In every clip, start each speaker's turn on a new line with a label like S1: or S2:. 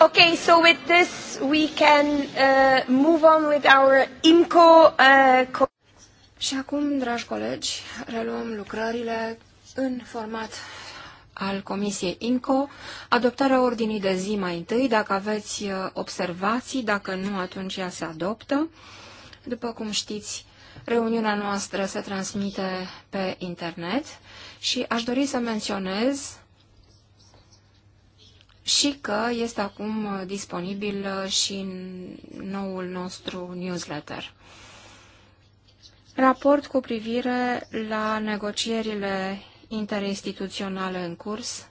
S1: Okay, so with this we can uh, move on with our IMCO. Uh, și acum, dragi colegi, reluăm lucrările în format al Comisiei INCO. adoptarea ordinii de zi mai întâi, dacă aveți uh, observații, dacă nu, atunci ea se adoptă. După cum știți, reuniunea noastră se transmite pe internet și aș dori să menționez și că este acum uh, disponibil uh, și în noul nostru newsletter. Raport cu privire la negocierile interinstituționale în curs.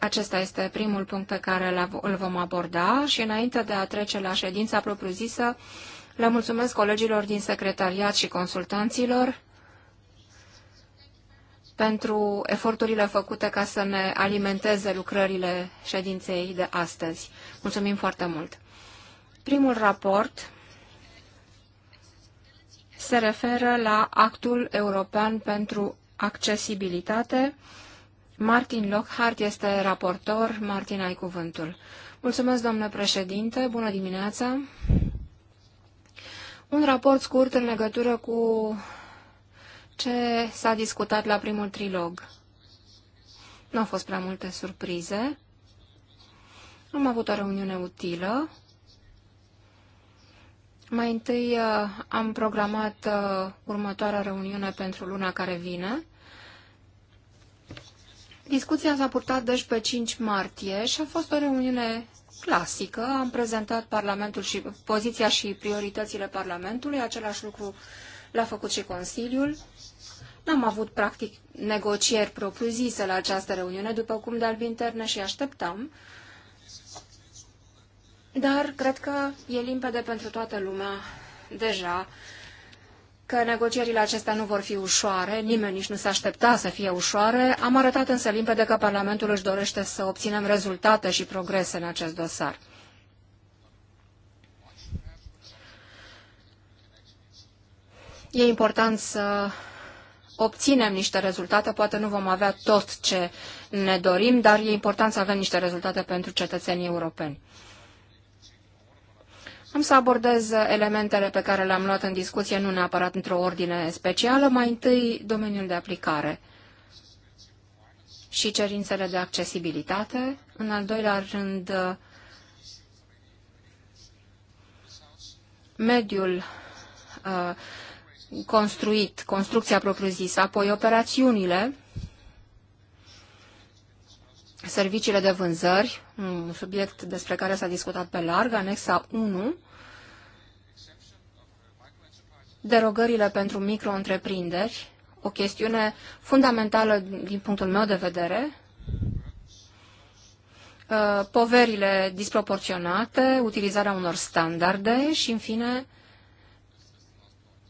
S1: Acesta este primul punct pe care îl vom aborda și înainte de a trece la ședința propriu-zisă, le mulțumesc colegilor din secretariat și consultanților pentru eforturile făcute ca să ne alimenteze lucrările ședinței de astăzi. Mulțumim foarte mult! Primul raport se referă la Actul European pentru Accesibilitate. Martin Lockhart este raportor. Martin, ai cuvântul. Mulțumesc, domnule președinte. Bună dimineața! Un raport scurt în legătură cu ce s-a discutat la primul trilog. Nu au fost prea multe surprize. Am avut o reuniune utilă. Mai întâi uh, am programat uh, următoarea reuniune pentru luna care vine. Discuția s-a purtat deci pe 5 martie și a fost o reuniune clasică. Am prezentat Parlamentul și poziția și prioritățile Parlamentului, același lucru l-a făcut și Consiliul. N-am avut, practic, negocieri propriu-zise la această reuniune, după cum de-al și așteptam, dar cred că e limpede pentru toată lumea deja că negocierile acestea nu vor fi ușoare, nimeni nici nu se aștepta să fie ușoare. Am arătat însă limpede că Parlamentul își dorește să obținem rezultate și progrese în acest dosar. E important să obținem niște rezultate, poate nu vom avea tot ce ne dorim, dar e important să avem niște rezultate pentru cetățenii europeni. Am să abordez elementele pe care le-am luat în discuție, nu neapărat într-o ordine specială, mai întâi domeniul de aplicare și cerințele de accesibilitate, în al doilea rând mediul uh, construit, construcția propriu-zisă, apoi operațiunile, serviciile de vânzări, un subiect despre care s-a discutat pe larg, anexa 1, derogările pentru micro-întreprinderi, o chestiune fundamentală din punctul meu de vedere, uh, poverile disproporționate, utilizarea unor standarde și, în fine,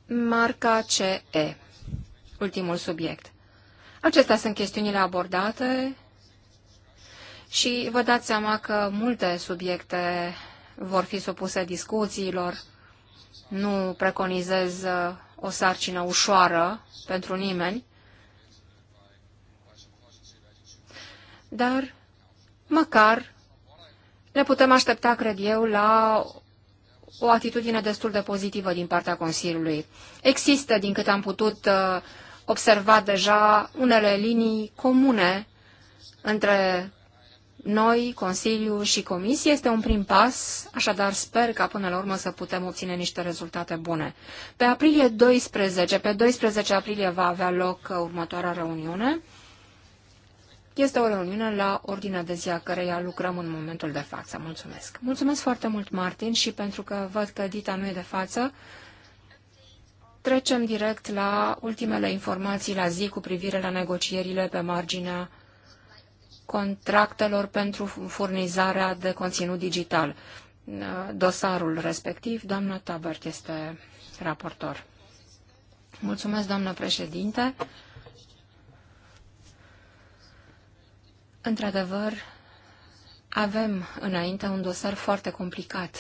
S1: Marca CE, ultimul subiect. Acestea sunt chestiunile abordate și vă dați seama că multe subiecte vor fi supuse discuțiilor. Nu preconizez uh, o sarcină ușoară pentru nimeni, dar măcar ne putem aștepta, cred eu, la o atitudine destul de pozitivă din partea Consiliului. Există, din câte am putut uh, observa deja, unele linii comune între noi, Consiliu și Comisie. Este un prim pas, așadar sper ca până la urmă să putem obține niște rezultate bune. Pe aprilie 12, pe 12 aprilie va avea loc uh, următoarea reuniune. Este o reuniune la ordinea de zi a căreia lucrăm în momentul de față. Mulțumesc! Mulțumesc foarte mult, Martin, și pentru că văd că Dita nu e de față, trecem direct la ultimele informații la zi cu privire la negocierile pe marginea contractelor pentru furnizarea de conținut digital. Dosarul respectiv, doamna Tabert este raportor. Mulțumesc, doamnă președinte. Într-adevăr, avem înainte un dosar foarte complicat.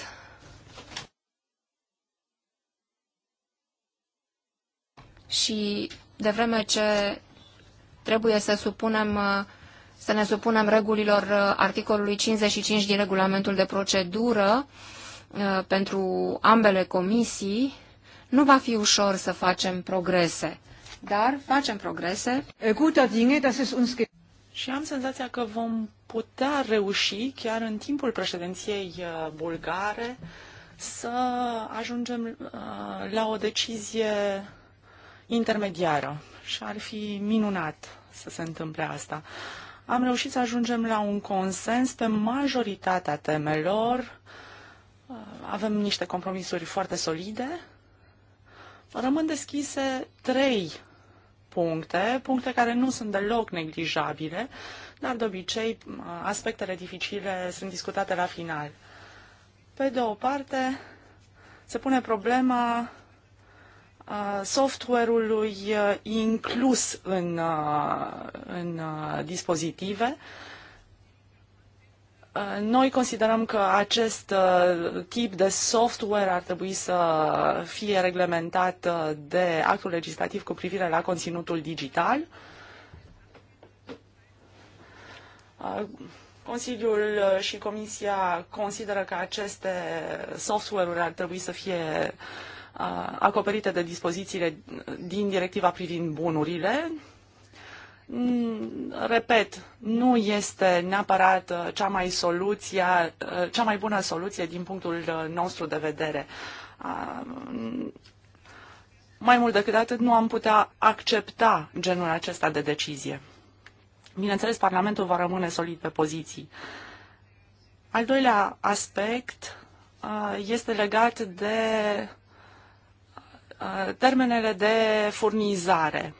S1: Și de vreme ce trebuie să supunem să ne supunem regulilor uh, articolului 55 din regulamentul de procedură uh, pentru ambele comisii, nu va fi ușor să facem progrese, dar facem progrese.
S2: Și am senzația că vom putea reuși, chiar în timpul președinției uh, bulgare, să ajungem uh, la o decizie intermediară. Și ar fi minunat să se întâmple asta. Am reușit să ajungem la un consens pe majoritatea temelor. Uh, avem niște compromisuri foarte solide. Rămân deschise trei puncte, puncte care nu sunt deloc neglijabile, dar de obicei aspectele dificile sunt discutate la final. Pe de o parte, se pune problema software-ului inclus în, în dispozitive, Uh, noi considerăm că acest uh, tip de software ar trebui să fie reglementat uh, de actul legislativ cu privire la conținutul digital. Consiliul și Comisia consideră că aceste software-uri ar trebui să fie acoperite de dispozițiile din directiva privind bunurile, Mm, repet, nu este neapărat uh, cea mai, soluția, uh, cea mai bună soluție din punctul uh, nostru de vedere. Mai mult decât atât, nu am putea accepta genul acesta de decizie. Bineînțeles, Parlamentul va rămâne solid pe poziții. Al doilea aspect este legat de termenele de furnizare.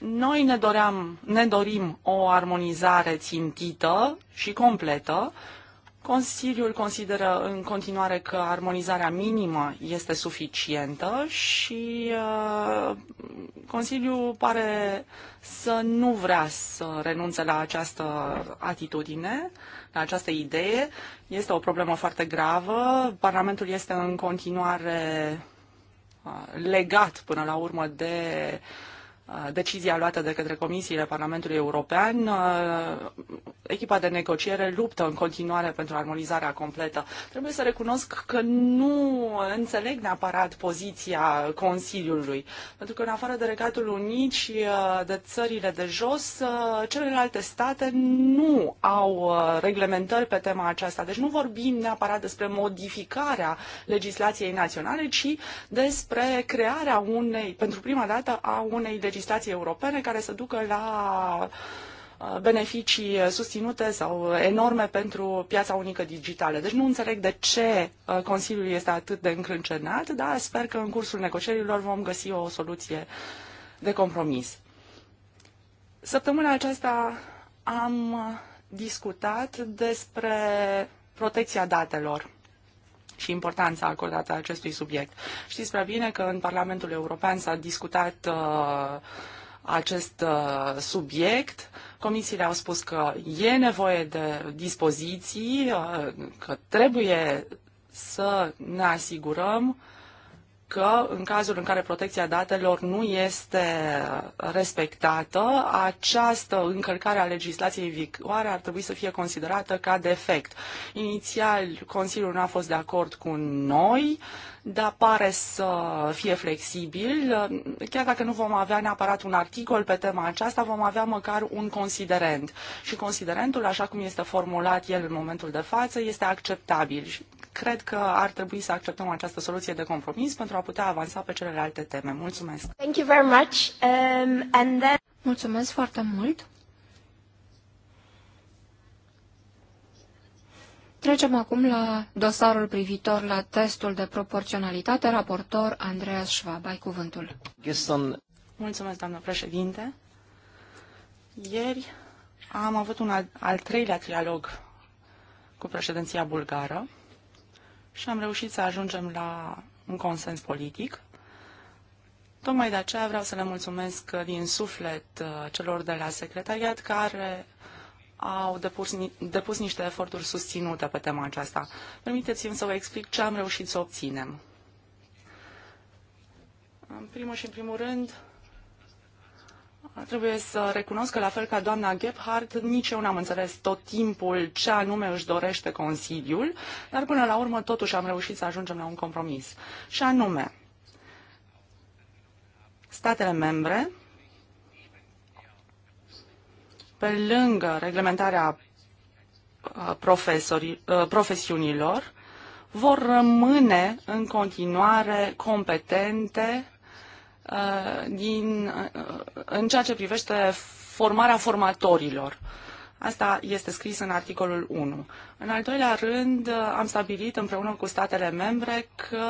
S2: Noi ne, doream, ne dorim o armonizare țintită și completă. Consiliul consideră în continuare că armonizarea minimă este suficientă și uh, Consiliul pare să nu vrea să renunțe la această atitudine, la această idee. Este o problemă foarte gravă. Parlamentul este în continuare uh, legat până la urmă de uh, Uh, decizia luată de către comisiile Parlamentului European, uh, echipa de negociere luptă în continuare pentru armonizarea completă. Trebuie să recunosc că nu înțeleg neapărat poziția Consiliului, pentru că în afară de Regatul Unit și uh, de țările de jos, celelalte state nu au reglementări pe tema aceasta. Deci nu vorbim neapărat despre modificarea legislației naționale, ci despre crearea unei, pentru prima dată, a unei legislații legislației europene care să ducă la uh, beneficii susținute sau enorme pentru piața unică digitală. Deci nu înțeleg de ce uh, Consiliul este atât de încrâncenat, dar sper că în cursul negocierilor vom găsi o soluție de compromis. Săptămâna aceasta am discutat despre protecția datelor și importanța acordată acestui subiect. Știți prea bine că în Parlamentul European s-a discutat uh, acest uh, subiect. Comisiile au spus că e nevoie de dispoziții, uh, că trebuie să ne asigurăm că în cazul în care protecția datelor nu este respectată, această încălcare a legislației vigoare ar trebui să fie considerată ca defect. Inițial, Consiliul nu a fost de acord cu noi, dar pare să fie flexibil. Chiar dacă nu vom avea neapărat un articol pe tema aceasta, vom avea măcar un considerent. Și considerentul, așa cum este formulat el în momentul de față, este acceptabil. Și cred că ar trebui să acceptăm această soluție de compromis pentru a putea avansa pe celelalte teme. Mulțumesc!
S1: Thank you very much. Um, and then... Mulțumesc foarte mult! Trecem acum la dosarul privitor la testul de proporționalitate, raportor Andreas Schwab. Ai cuvântul. Mulțumesc, doamnă președinte. Ieri am avut un al, al treilea trialog
S2: cu președinția bulgară și am reușit să ajungem la un consens politic. Tocmai de aceea vreau să le mulțumesc din suflet uh, celor de la secretariat care au depus, depus niște eforturi susținute pe tema aceasta. Permiteți-mi să vă explic ce am reușit să obținem. În primul și în primul rând, Trebuie să recunosc că, la fel ca doamna Gebhardt, nici eu n-am înțeles tot timpul ce anume își dorește Consiliul, dar până la urmă totuși am reușit să ajungem la un compromis. Și anume, statele membre pe lângă reglementarea uh, uh, profesiunilor, vor rămâne în continuare competente uh, din, în ceea ce privește formarea formatorilor. Asta este scris în articolul 1. În al doilea rând, am stabilit împreună cu statele membre că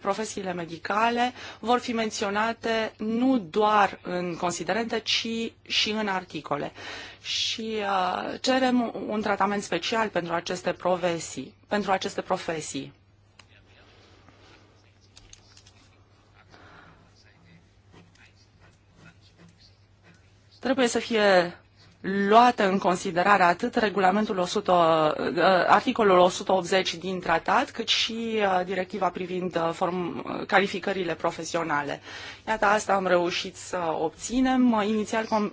S2: profesiile medicale vor fi menționate nu doar în considerente, ci și în articole. Și uh, cerem un tratament special pentru aceste profesii. Pentru aceste profesii. Trebuie să fie luată în considerare atât regulamentul 100, uh, uh, articolul 180 din tratat, cât și uh, directiva privind form, calificările profesionale. Iată, asta am reușit să obținem. Inițial, com,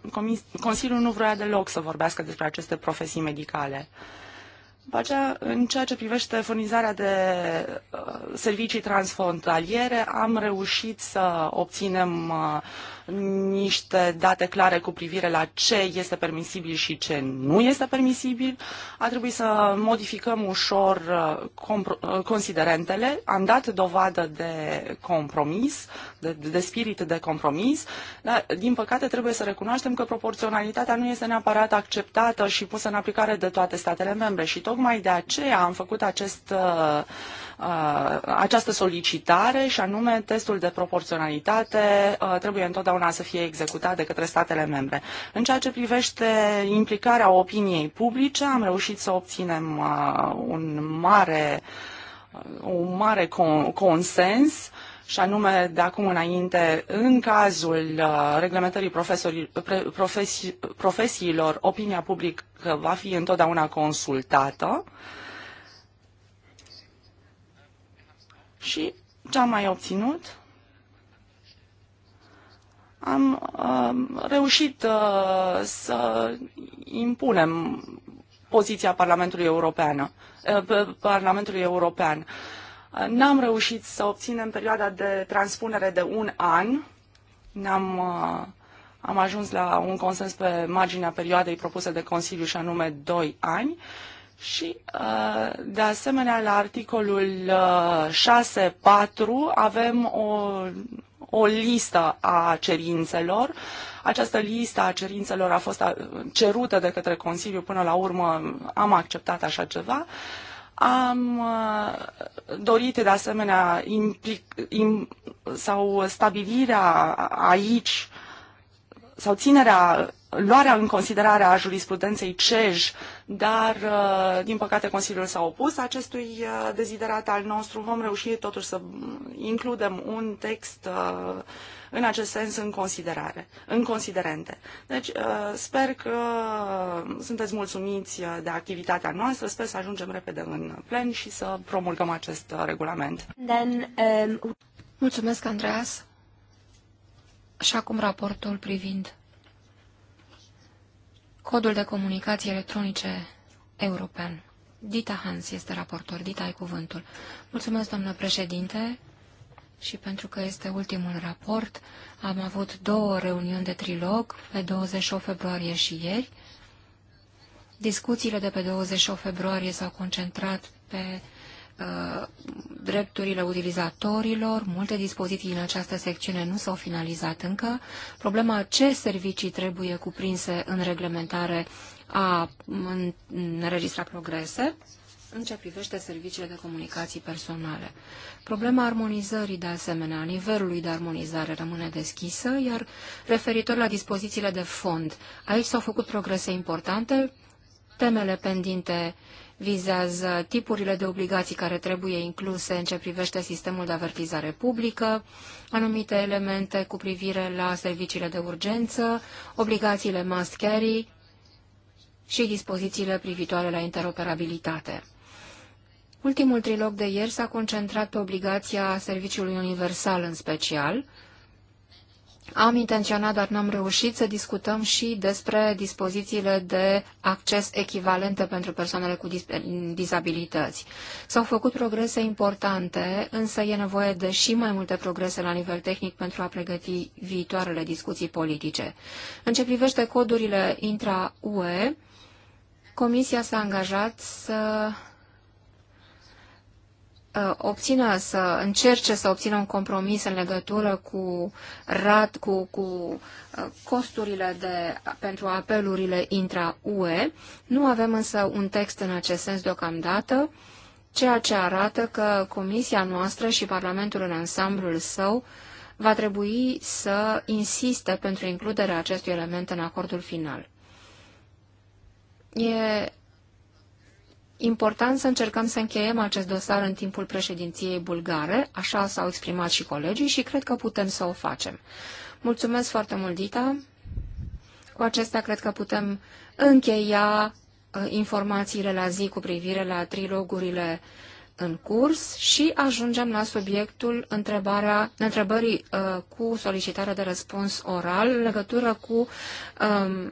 S2: Consiliul nu vrea deloc să vorbească despre aceste profesii medicale. Uh, după aceea, în ceea ce privește furnizarea de uh, servicii transfrontaliere, am reușit să obținem uh, niște date clare cu privire la ce este permisibil și ce nu este permisibil. A trebuit să modificăm ușor uh, considerentele. Am dat dovadă de compromis, de, de spirit de compromis, dar, din păcate, trebuie să recunoaștem că proporționalitatea nu este neapărat acceptată și pusă în aplicare de toate statele membre și tot Tocmai de aceea am făcut acest, uh, uh, această solicitare și anume testul de proporționalitate uh, trebuie întotdeauna să fie executat de către statele membre. În ceea ce privește implicarea opiniei publice, am reușit să obținem un mare, un mare consens și anume de acum înainte, în cazul uh, reglementării profesi, profesiilor, opinia publică va fi întotdeauna consultată și ce am mai obținut? Am uh, reușit uh, să impunem poziția Parlamentului European. Uh, Parlamentului European. Uh, N-am reușit să obținem perioada de transpunere de un an. n am uh, am ajuns la un consens pe marginea perioadei propuse de Consiliu și anume 2 ani. Și, uh, de asemenea, la articolul 6.4 uh, avem o, o listă a cerințelor. Această listă a cerințelor a fost cerută de către Consiliu, până la urmă am acceptat așa ceva. Uh, am uh, dorit de asemenea implic, im, sau stabilirea aici sau ținerea, luarea în considerare a jurisprudenței CEJ, dar, uh, din păcate, Consiliul s-a opus acestui uh, deziderat al nostru. Vom reuși totuși să includem un text uh, în acest sens în considerare, în considerente. Deci uh, sper că sunteți mulțumiți uh, de activitatea noastră, sper să ajungem repede în plen și să promulgăm acest uh, regulament.
S3: Then,
S1: um... Mulțumesc, Andreas. Și acum raportul privind codul de comunicații electronice european. Dita Hans este raportor. Dita, ai cuvântul. Mulțumesc, doamnă președinte și pentru că este ultimul raport, am avut două reuniuni de trilog, pe 28 februarie și ieri. Discuțiile de pe 28 februarie s-au concentrat pe uh, drepturile utilizatorilor, multe dispoziții în această secțiune nu s-au finalizat încă. Problema ce servicii trebuie cuprinse în reglementare a înregistrat progrese în ce privește serviciile de comunicații personale. Problema armonizării, de asemenea, nivelului de armonizare rămâne deschisă, iar referitor la dispozițiile de fond, aici s-au făcut progrese importante, temele pendinte vizează tipurile de obligații care trebuie incluse în ce privește sistemul de avertizare publică, anumite elemente cu privire la serviciile de urgență, obligațiile must carry și dispozițiile privitoare la interoperabilitate. Ultimul trilog de ieri s-a concentrat pe obligația serviciului universal în special. Am intenționat, dar n-am reușit să discutăm și despre dispozițiile de acces echivalente pentru persoanele cu dizabilități. S-au făcut progrese importante, însă e nevoie de și mai multe progrese la nivel tehnic pentru a pregăti viitoarele discuții politice. În ce privește codurile intra-UE, Comisia s-a angajat să Uh, obțină să încerce să obțină un compromis în legătură cu rat, cu, cu uh, costurile de, pentru apelurile intra-UE. Nu avem însă un text în acest sens deocamdată, ceea ce arată că Comisia noastră și Parlamentul în ansamblul său va trebui să insiste pentru includerea acestui element în acordul final. E important să încercăm să încheiem acest dosar în timpul președinției bulgare, așa s-au exprimat și colegii și cred că putem să o facem. Mulțumesc foarte mult, Dita. Cu acestea cred că putem încheia uh, informațiile la zi cu privire la trilogurile în curs și ajungem la subiectul întrebarea, întrebării uh, cu solicitarea de răspuns oral în legătură cu um,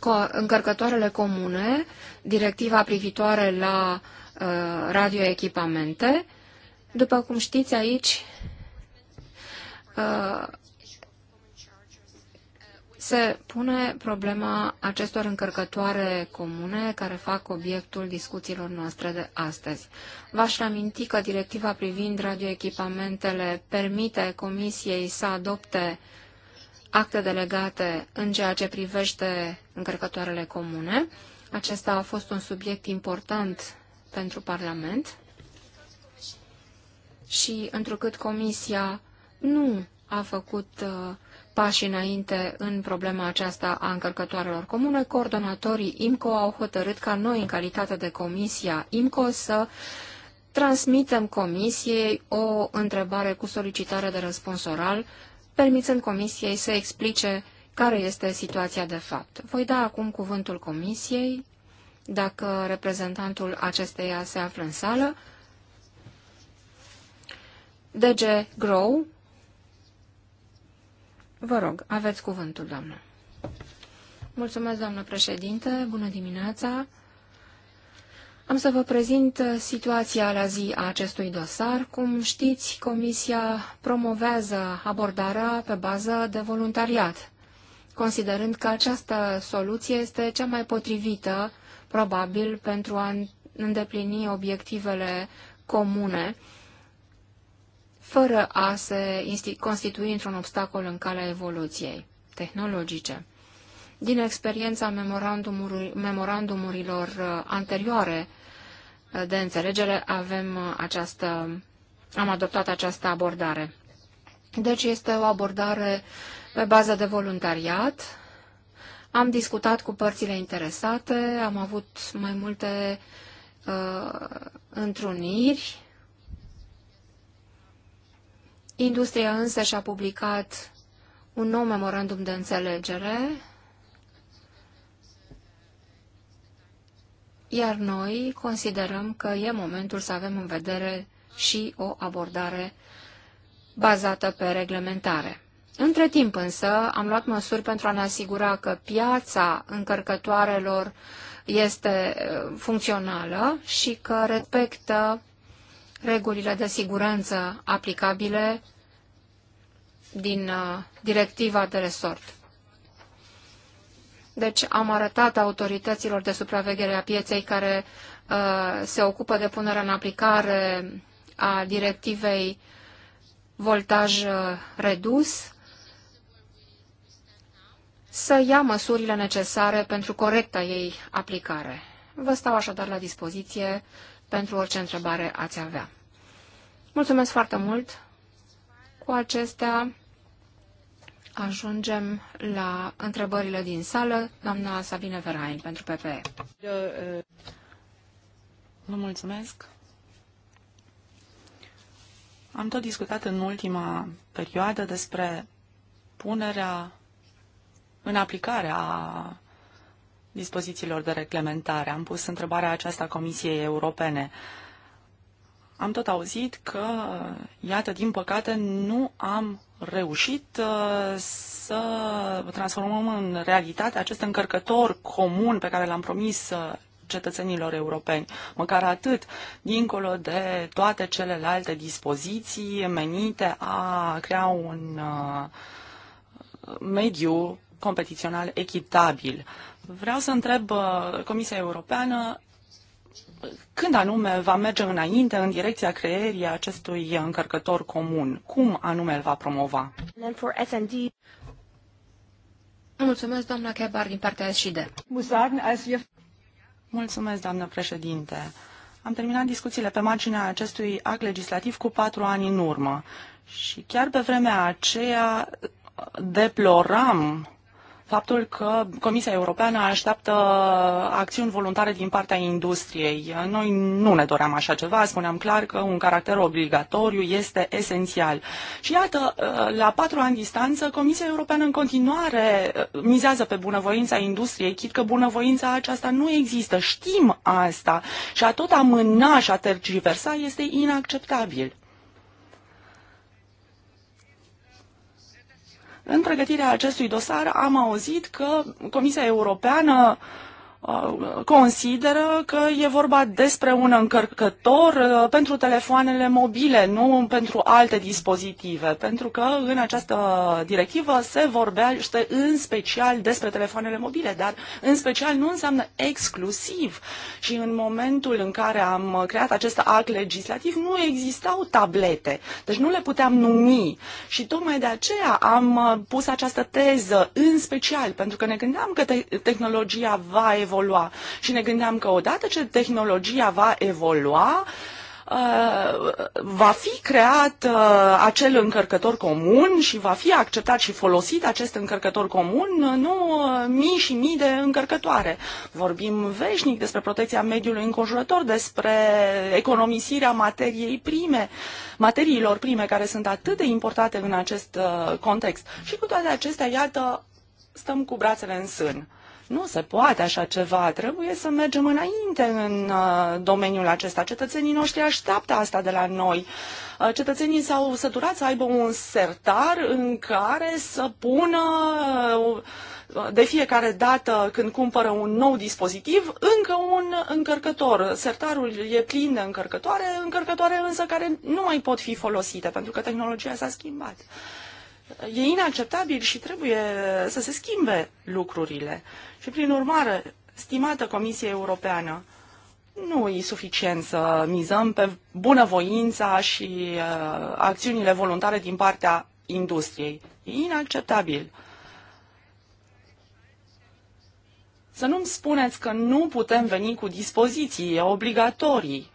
S1: cu încărcătoarele comune directiva privitoare la uh, radioechipamente. După cum știți, aici uh, se pune problema acestor încărcătoare comune care fac obiectul discuțiilor noastre de astăzi. V-aș aminti că directiva privind radioechipamentele permite Comisiei să adopte acte delegate în ceea ce privește încărcătoarele comune acesta a fost un subiect important pentru Parlament și întrucât Comisia nu a făcut uh, pași înainte în problema aceasta a încărcătoarelor comune, coordonatorii IMCO au hotărât ca noi, în calitate de Comisia IMCO, să transmitem Comisiei o întrebare cu solicitare de răspuns oral, permițând Comisiei să explice uh, care este situația de fapt. Voi da acum cuvântul comisiei, dacă reprezentantul acesteia se află în sală. DG Grow, vă rog, aveți cuvântul, doamnă. Mulțumesc, doamnă președinte, bună dimineața. Am să vă prezint situația la zi a acestui dosar. Cum știți, Comisia promovează abordarea pe bază de voluntariat considerând că această soluție este cea mai potrivită, probabil, pentru a îndeplini obiectivele comune, fără a se constitui într-un obstacol în calea evoluției tehnologice. Din experiența memorandumurilor uh, anterioare uh, de înțelegere, avem uh, această, am adoptat această abordare. Deci este o abordare uh, pe bază de voluntariat. Am discutat cu părțile interesate, am avut mai multe uh, întruniri. Industria însă și-a publicat un nou memorandum de înțelegere, iar noi considerăm că e momentul să avem în vedere și o abordare bazată pe reglementare. Între timp însă am luat măsuri pentru a ne asigura că piața încărcătoarelor este uh, funcțională și că respectă regulile de siguranță aplicabile din uh, directiva de resort. Deci am arătat autorităților de supraveghere a pieței care uh, se ocupă de punerea în aplicare a directivei voltaj uh, redus să ia măsurile necesare pentru corecta ei aplicare. Vă stau așadar la dispoziție pentru orice întrebare ați avea. Mulțumesc foarte mult! Cu acestea ajungem la întrebările din sală. Doamna Sabine Verain pentru PPE. Vă mulțumesc!
S2: Am tot discutat în ultima perioadă despre punerea în aplicare a dispozițiilor de reglementare. Am pus întrebarea aceasta Comisiei Europene. Am tot auzit că, iată, din păcate, nu am reușit uh, să transformăm în realitate acest încărcător comun pe care l-am promis uh, cetățenilor europeni, măcar atât, dincolo de toate celelalte dispoziții menite a crea un uh, mediu competițional echitabil. Vreau să întreb uh, Comisia Europeană când anume va merge înainte în direcția creierii acestui încărcător comun? Cum anume îl va promova?
S1: Mulțumesc, doamna Chebar, din partea SID. Mulțumesc, doamnă
S2: președinte. Am terminat discuțiile pe marginea acestui act legislativ cu patru ani în urmă și chiar pe vremea aceea deploram faptul că Comisia Europeană așteaptă acțiuni voluntare din partea industriei. Noi nu ne doream așa ceva, spuneam clar că un caracter obligatoriu este esențial. Și iată, la patru ani distanță, Comisia Europeană în continuare uh, mizează pe bunăvoința industriei, chit că bunăvoința aceasta nu există. Știm asta și a tot amâna și a tergiversa este inacceptabil. În pregătirea acestui dosar am auzit că Comisia Europeană uh, Uh, consideră că e vorba despre un încărcător uh, pentru telefoanele mobile, nu pentru alte dispozitive, pentru că în această directivă se vorbește în special despre telefoanele mobile, dar în special nu înseamnă exclusiv. Și în momentul în care am creat acest act legislativ nu existau tablete, deci nu le puteam numi. Și tocmai de aceea am pus această teză în special, pentru că ne gândeam că te- tehnologia va evolua evolua. Și ne gândeam că odată ce tehnologia va evolua, uh, va fi creat uh, acel încărcător comun și va fi acceptat și folosit acest încărcător comun, uh, nu mii și mii de încărcătoare. Vorbim veșnic despre protecția mediului înconjurător, despre economisirea materiei prime, materiilor prime care sunt atât de importate în acest context. Și cu toate acestea, iată, stăm cu brațele în sân. Nu se poate așa ceva. Trebuie să mergem înainte în uh, domeniul acesta. Cetățenii noștri așteaptă asta de la noi. Uh, cetățenii s-au săturat să aibă un sertar în care să pună uh, de fiecare dată când cumpără un nou dispozitiv, încă un încărcător. Sertarul e plin de încărcătoare, încărcătoare însă care nu mai pot fi folosite pentru că tehnologia s-a schimbat. E inacceptabil și trebuie să se schimbe lucrurile. Și prin urmare, stimată Comisie Europeană, nu e suficient să mizăm pe bunăvoința și uh, acțiunile voluntare din partea industriei. E inacceptabil. Să nu-mi spuneți că nu putem veni cu dispoziții obligatorii.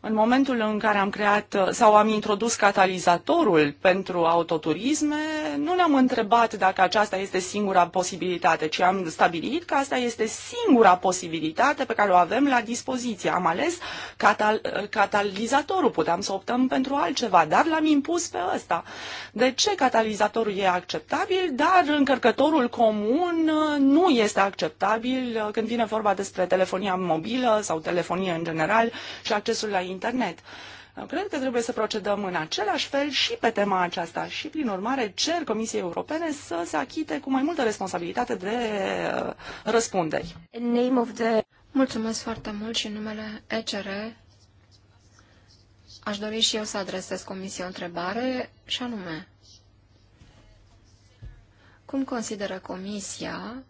S2: În momentul în care am creat uh, sau am introdus catalizatorul pentru autoturisme, nu ne-am întrebat dacă aceasta este singura posibilitate, ci am stabilit că asta este singura posibilitate pe care o avem la dispoziție. Am ales catal- uh, catalizatorul, puteam să optăm pentru altceva, dar l-am impus pe ăsta. De ce catalizatorul e acceptabil, dar încărcătorul comun uh, nu este acceptabil când vine vorba despre telefonia mobilă sau telefonie în general și accesul la internet. Cred că trebuie să procedăm în același fel și pe tema aceasta și, prin urmare, cer Comisiei Europene să se achite cu mai multă responsabilitate de uh, răspunderi.
S1: Name of the... Mulțumesc foarte mult și în numele ECR aș dori și eu să adresez Comisiei o întrebare și anume, cum consideră Comisia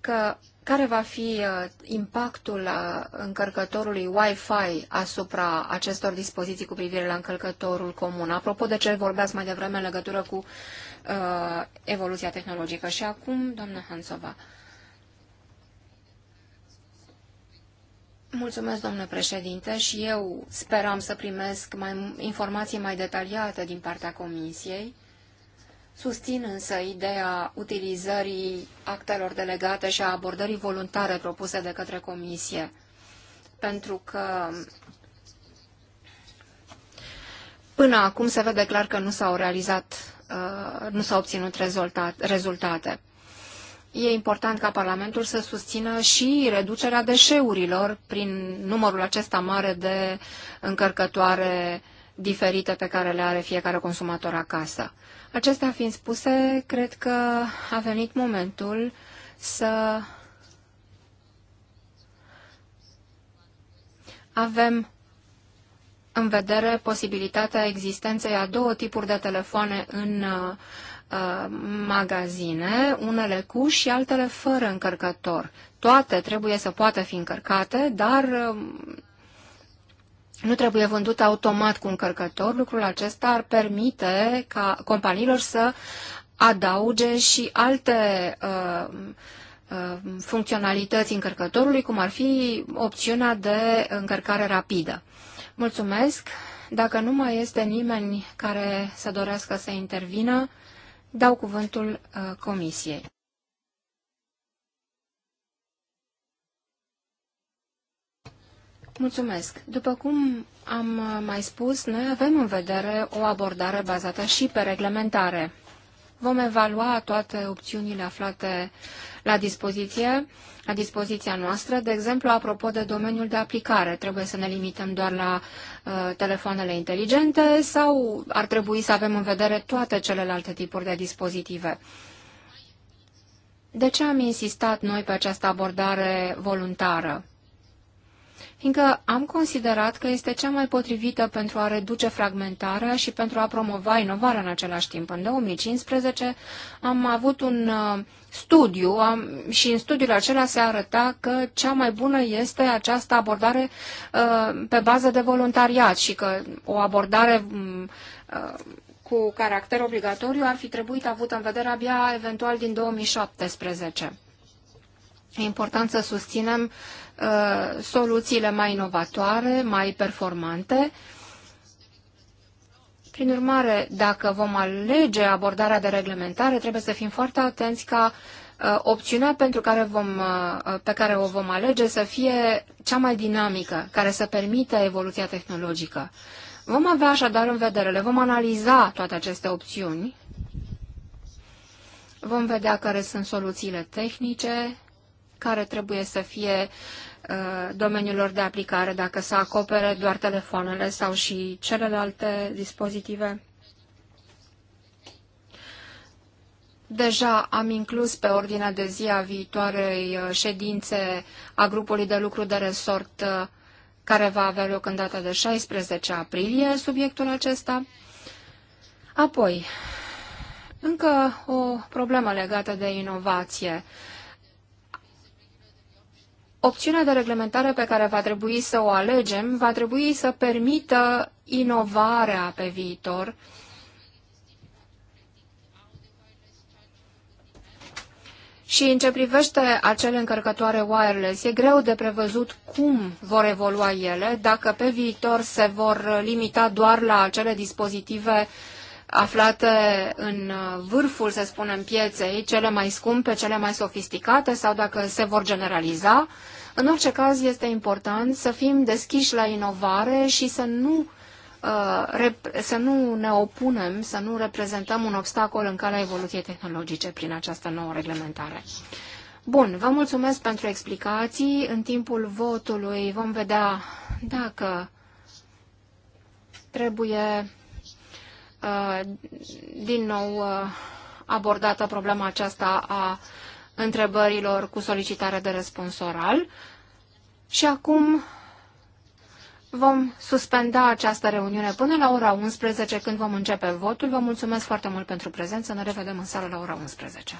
S1: că care va fi uh, impactul uh, încărcătorului Wi-Fi asupra acestor dispoziții cu privire la încărcătorul comun? Apropo de ce vorbeați mai devreme în legătură cu uh, evoluția tehnologică. Și acum, doamnă Hansova. Mulțumesc, domnule președinte, și eu speram să primesc mai, informații mai detaliate din partea Comisiei Susțin însă ideea utilizării actelor delegate și a abordării voluntare propuse de către Comisie, pentru că până acum se vede clar că nu s-au realizat, uh, nu s-au obținut rezultate. E important ca Parlamentul să susțină și reducerea deșeurilor prin numărul acesta mare de încărcătoare diferite pe care le are fiecare consumator acasă. Acestea fiind spuse, cred că a venit momentul să avem în vedere posibilitatea existenței a două tipuri de telefoane în uh, uh magazine, unele cu și altele fără încărcător. Toate trebuie să poată fi încărcate, dar uh, nu trebuie vândut automat cu încărcător. Lucrul acesta ar permite ca companiilor să adauge și alte uh, uh, funcționalități încărcătorului, cum ar fi opțiunea de încărcare rapidă. Mulțumesc! Dacă nu mai este nimeni care să dorească să intervină, dau cuvântul uh, comisiei. Mulțumesc. După cum am mai spus, noi avem în vedere o abordare bazată și pe reglementare. Vom evalua toate opțiunile aflate la dispoziție, la dispoziția noastră. De exemplu, apropo de domeniul de aplicare, trebuie să ne limităm doar la uh, telefoanele inteligente sau ar trebui să avem în vedere toate celelalte tipuri de dispozitive. De ce am insistat noi pe această abordare voluntară? fiindcă am considerat că este cea mai potrivită pentru a reduce fragmentarea și pentru a promova inovarea în același timp. În 2015 am avut un uh, studiu am, și în studiul acela se arăta că cea mai bună este această abordare uh, pe bază de voluntariat și că o abordare mm, uh, cu caracter obligatoriu ar fi trebuit avută în vedere abia eventual din 2017. E important să susținem Uh, soluțiile mai inovatoare, mai performante. Prin urmare, dacă vom alege abordarea de reglementare, trebuie să fim foarte atenți ca uh, opțiunea pentru care vom, uh, pe care o vom alege să fie cea mai dinamică, care să permită evoluția tehnologică. Vom avea așadar în vedere, le vom analiza toate aceste opțiuni, vom vedea care sunt soluțiile tehnice, care trebuie să fie Uh, domeniilor de aplicare, dacă să acopere doar telefoanele sau și celelalte dispozitive. Deja am inclus pe ordinea de zi a viitoarei uh, ședințe a grupului de lucru de resort uh, care va avea loc în data de 16 aprilie subiectul acesta. Apoi, încă o problemă legată de inovație opțiunea de reglementare pe care va trebui să o alegem va trebui să permită inovarea pe viitor, Și în ce privește acele încărcătoare wireless, e greu de prevăzut cum vor evolua ele, dacă pe viitor se vor limita doar la acele dispozitive aflate în vârful, să spunem, pieței, cele mai scumpe, cele mai sofisticate, sau dacă se vor generaliza. În orice caz, este important să fim deschiși la inovare și să nu, uh, să nu ne opunem, să nu reprezentăm un obstacol în calea evoluției tehnologice prin această nouă reglementare. Bun, vă mulțumesc pentru explicații. În timpul votului vom vedea dacă trebuie uh, din nou uh, abordată problema aceasta a întrebărilor cu solicitare de răspuns oral. Și acum vom suspenda această reuniune până la ora 11, când vom începe votul. Vă mulțumesc foarte mult pentru prezență. Ne revedem în sală la ora 11.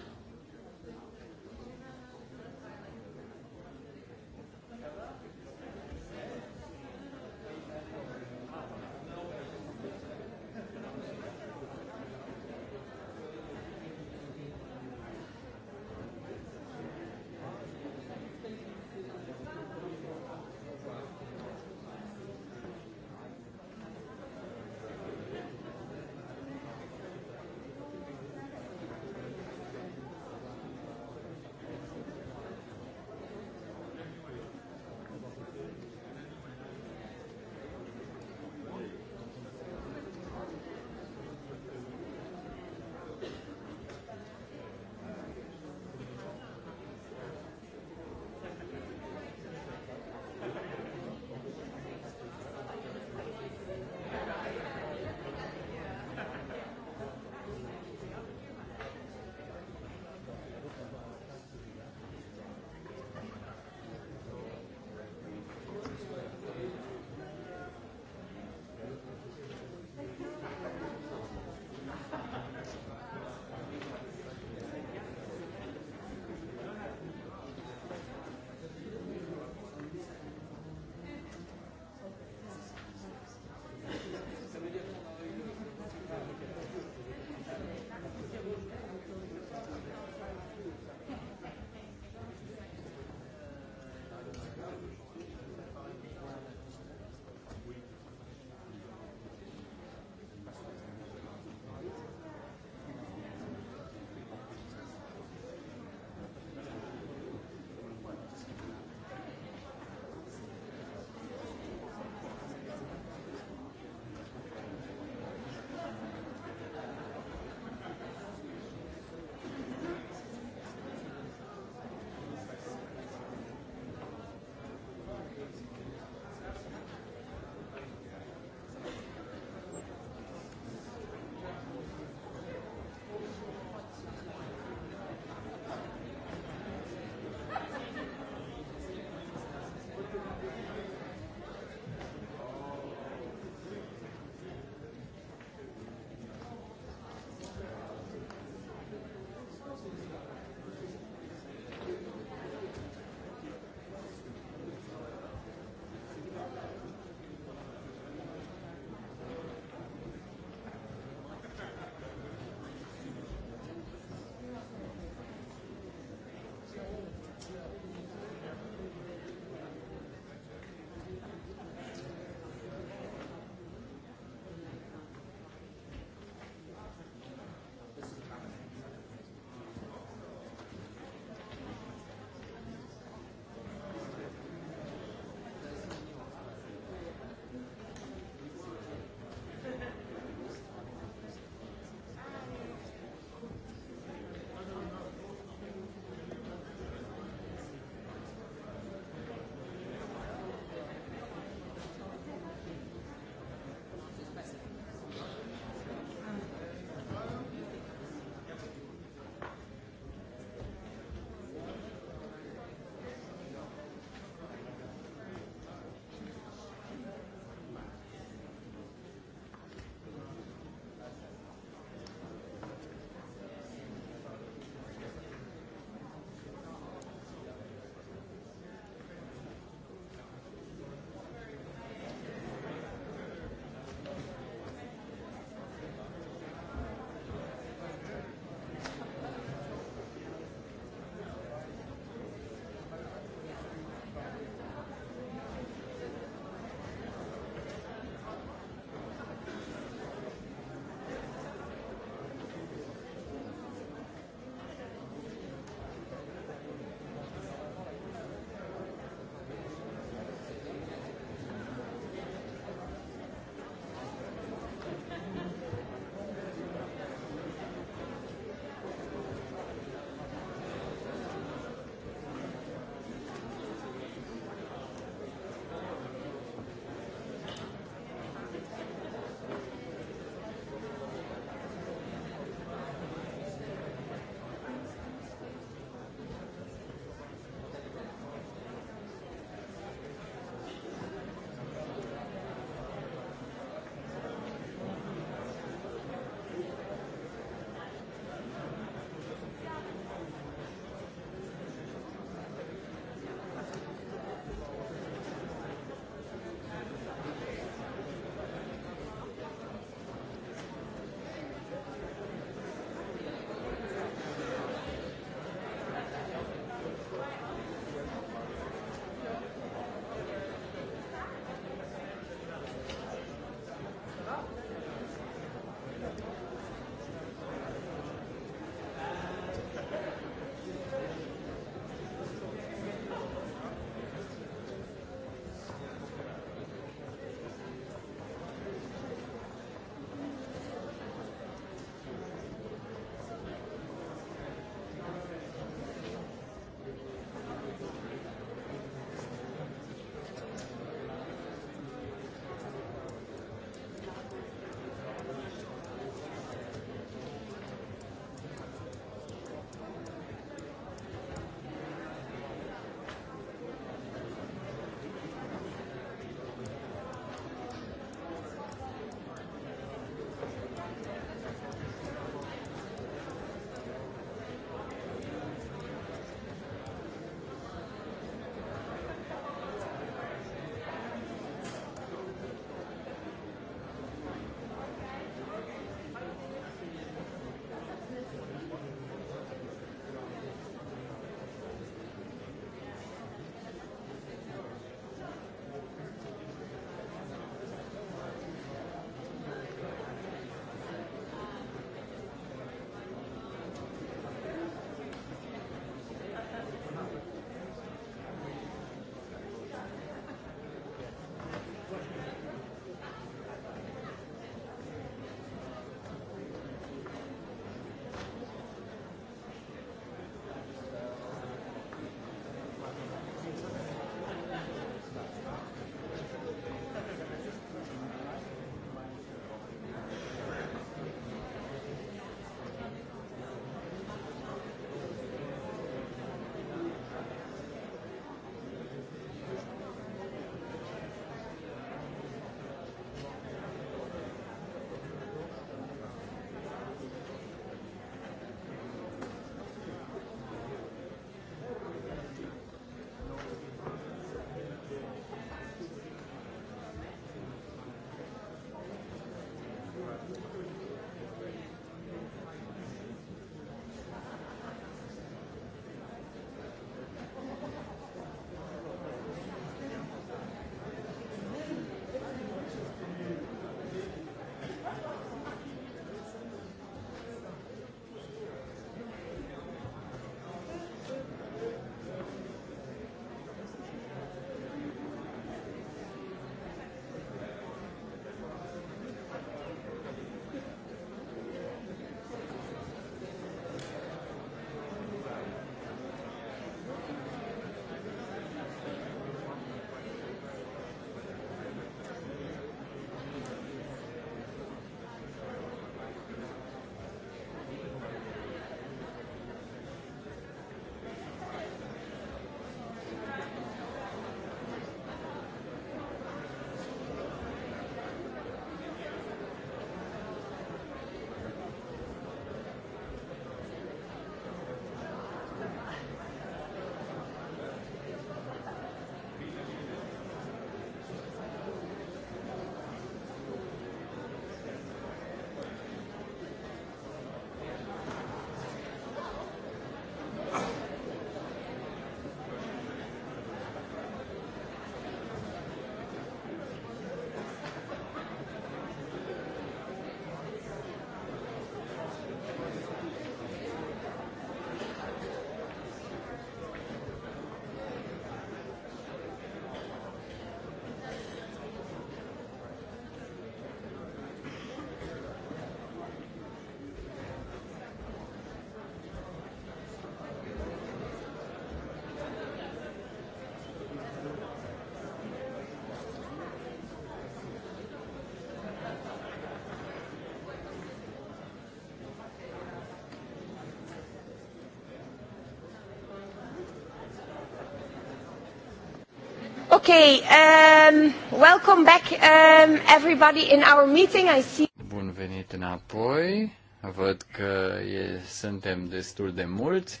S1: Okay, um, welcome back um, everybody in our meeting. I see.
S3: Bun venit înapoi. Văd că e, suntem destul de mulți.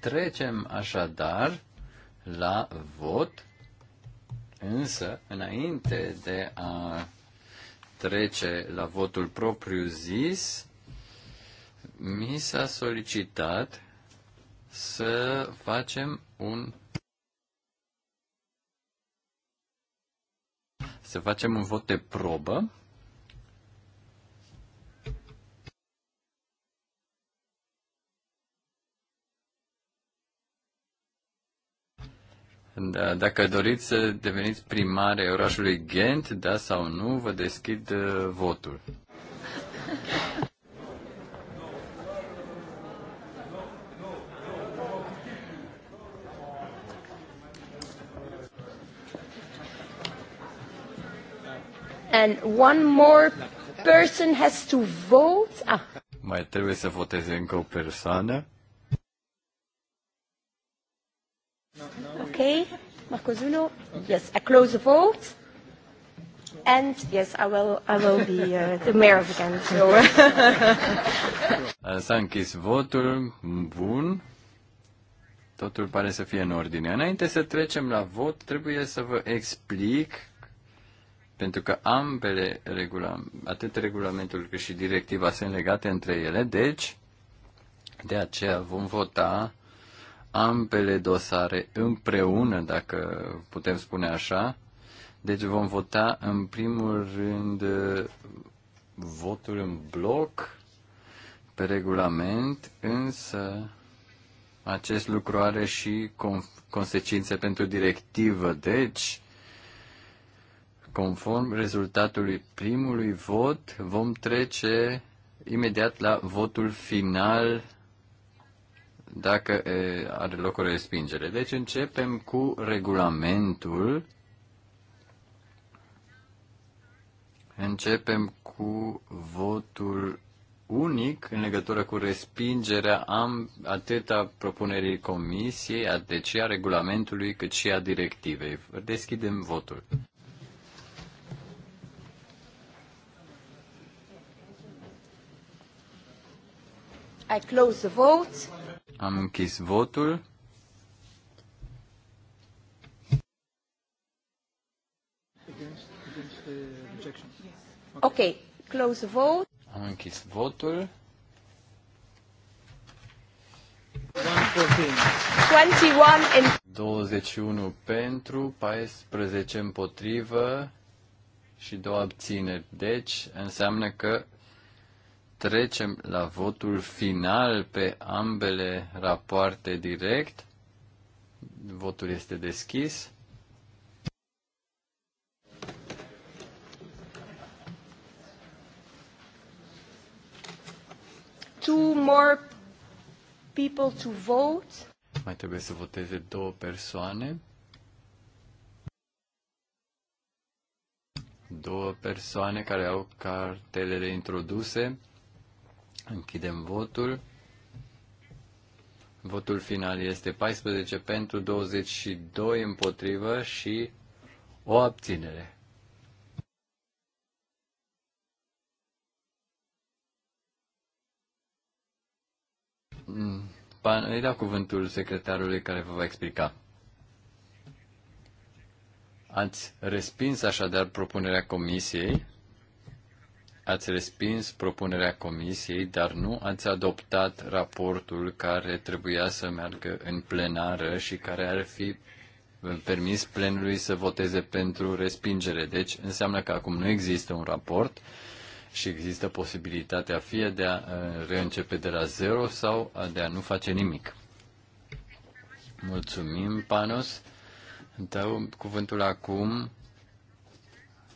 S3: Trecem așadar la vot. Însă, înainte de a trece la votul propriu zis, mi s-a solicitat să facem un Să facem un vot de probă. Da, dacă doriți să deveniți primare orașului Ghent, da sau nu, vă deschid uh, votul.
S1: And one more person has to vote. Ah.
S3: Mai trebuie să voteze încă o persoană.
S1: Okay, Marco Yes, I close the vote. And yes, I will, I will be uh, the mayor of again. So.
S3: S-a închis votul. Bun. Totul pare să fie în ordine. Înainte să trecem la vot, trebuie să vă explic pentru că ambele regula, atât regulamentul cât și directiva sunt legate între ele, deci de aceea vom vota ambele dosare împreună, dacă putem spune așa. Deci vom vota în primul rând votul în bloc pe regulament, însă acest lucru are și consecințe pentru directivă. Deci, Conform rezultatului primului vot, vom trece imediat la votul final dacă e, are loc o respingere. Deci începem cu regulamentul. Începem cu votul unic în legătură cu respingerea am, atât a propunerii comisiei, a, deci a regulamentului, cât și a directivei. Deschidem votul.
S1: I close the vote.
S3: Am închis votul.
S1: Ok, close the vote.
S3: Am închis votul. 21 pentru, 14 împotrivă și două abțineri. Deci înseamnă că trecem la votul final pe ambele rapoarte direct. Votul este deschis.
S1: Two more people to vote.
S3: Mai trebuie să voteze două persoane. Două persoane care au cartelele introduse. Închidem votul. Votul final este 14 pentru, 22 împotrivă și o abținere. Pan, mm, îi dau cuvântul secretarului care vă va explica. Ați respins așadar propunerea comisiei ați respins propunerea comisiei, dar nu ați adoptat raportul care trebuia să meargă în plenară și care ar fi permis plenului să voteze pentru respingere. Deci înseamnă că acum nu există un raport și există posibilitatea fie de a uh, reîncepe de la zero sau de a nu face nimic. Mulțumim, Panos. Dau cuvântul acum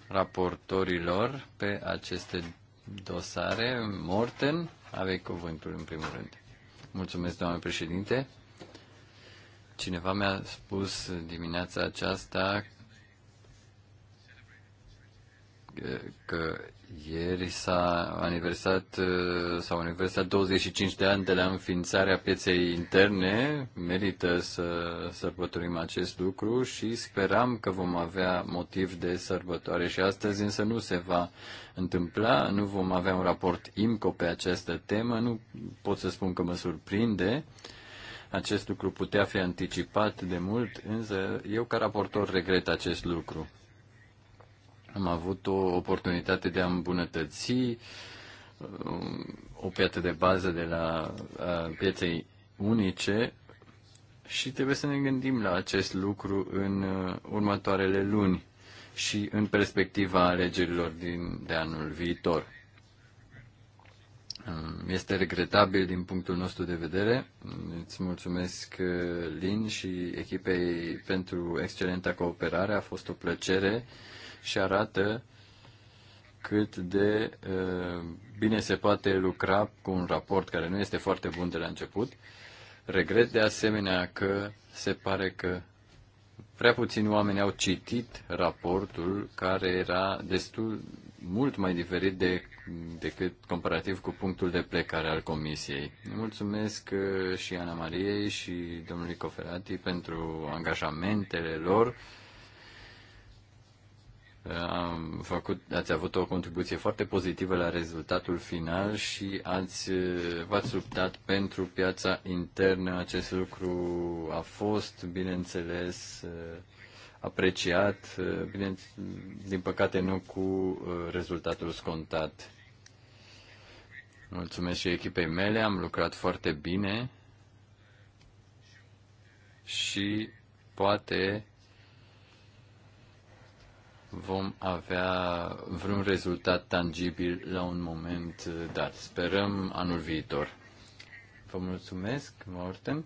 S3: raportorilor pe aceste dosare. Morten, avei cuvântul în primul rând. Mulțumesc, doamne președinte. Cineva mi-a spus dimineața aceasta că ieri s-a aniversat, uh, s-au aniversat 25 de ani de la înființarea pieței interne. Merită să sărbătorim acest lucru și speram că vom avea motiv de sărbătoare și astăzi însă nu se va întâmpla, nu vom avea un raport IMCO pe această temă, nu pot să spun că mă surprinde. Acest lucru putea fi anticipat de mult, însă eu ca raportor regret acest lucru am avut o oportunitate de a îmbunătăți um, o piață de bază de la pieței unice și trebuie să ne gândim la acest lucru în uh, următoarele luni și în perspectiva alegerilor din, de anul viitor. Um, este regretabil din punctul nostru de vedere. Îți mulțumesc, uh, Lin, și echipei pentru excelenta cooperare. A fost o plăcere și arată cât de bine se poate lucra cu un raport care nu este foarte bun de la început. Regret de asemenea că se pare că prea puțini oameni au citit raportul care era destul mult mai diferit de, decât comparativ cu punctul de plecare al comisiei. Mulțumesc și Ana Mariei și domnului Coferati pentru angajamentele lor am făcut, ați avut o contribuție foarte pozitivă la rezultatul final și ați, eh, v-ați luptat pentru piața internă. Acest lucru a fost, bineînțeles, eh, apreciat, eh, bine, din păcate nu cu rezultatul scontat. Mulțumesc și echipei mele, am lucrat foarte bine și poate vom avea vreun rezultat tangibil la un moment dat. Sperăm anul viitor. Vă mulțumesc, Morten.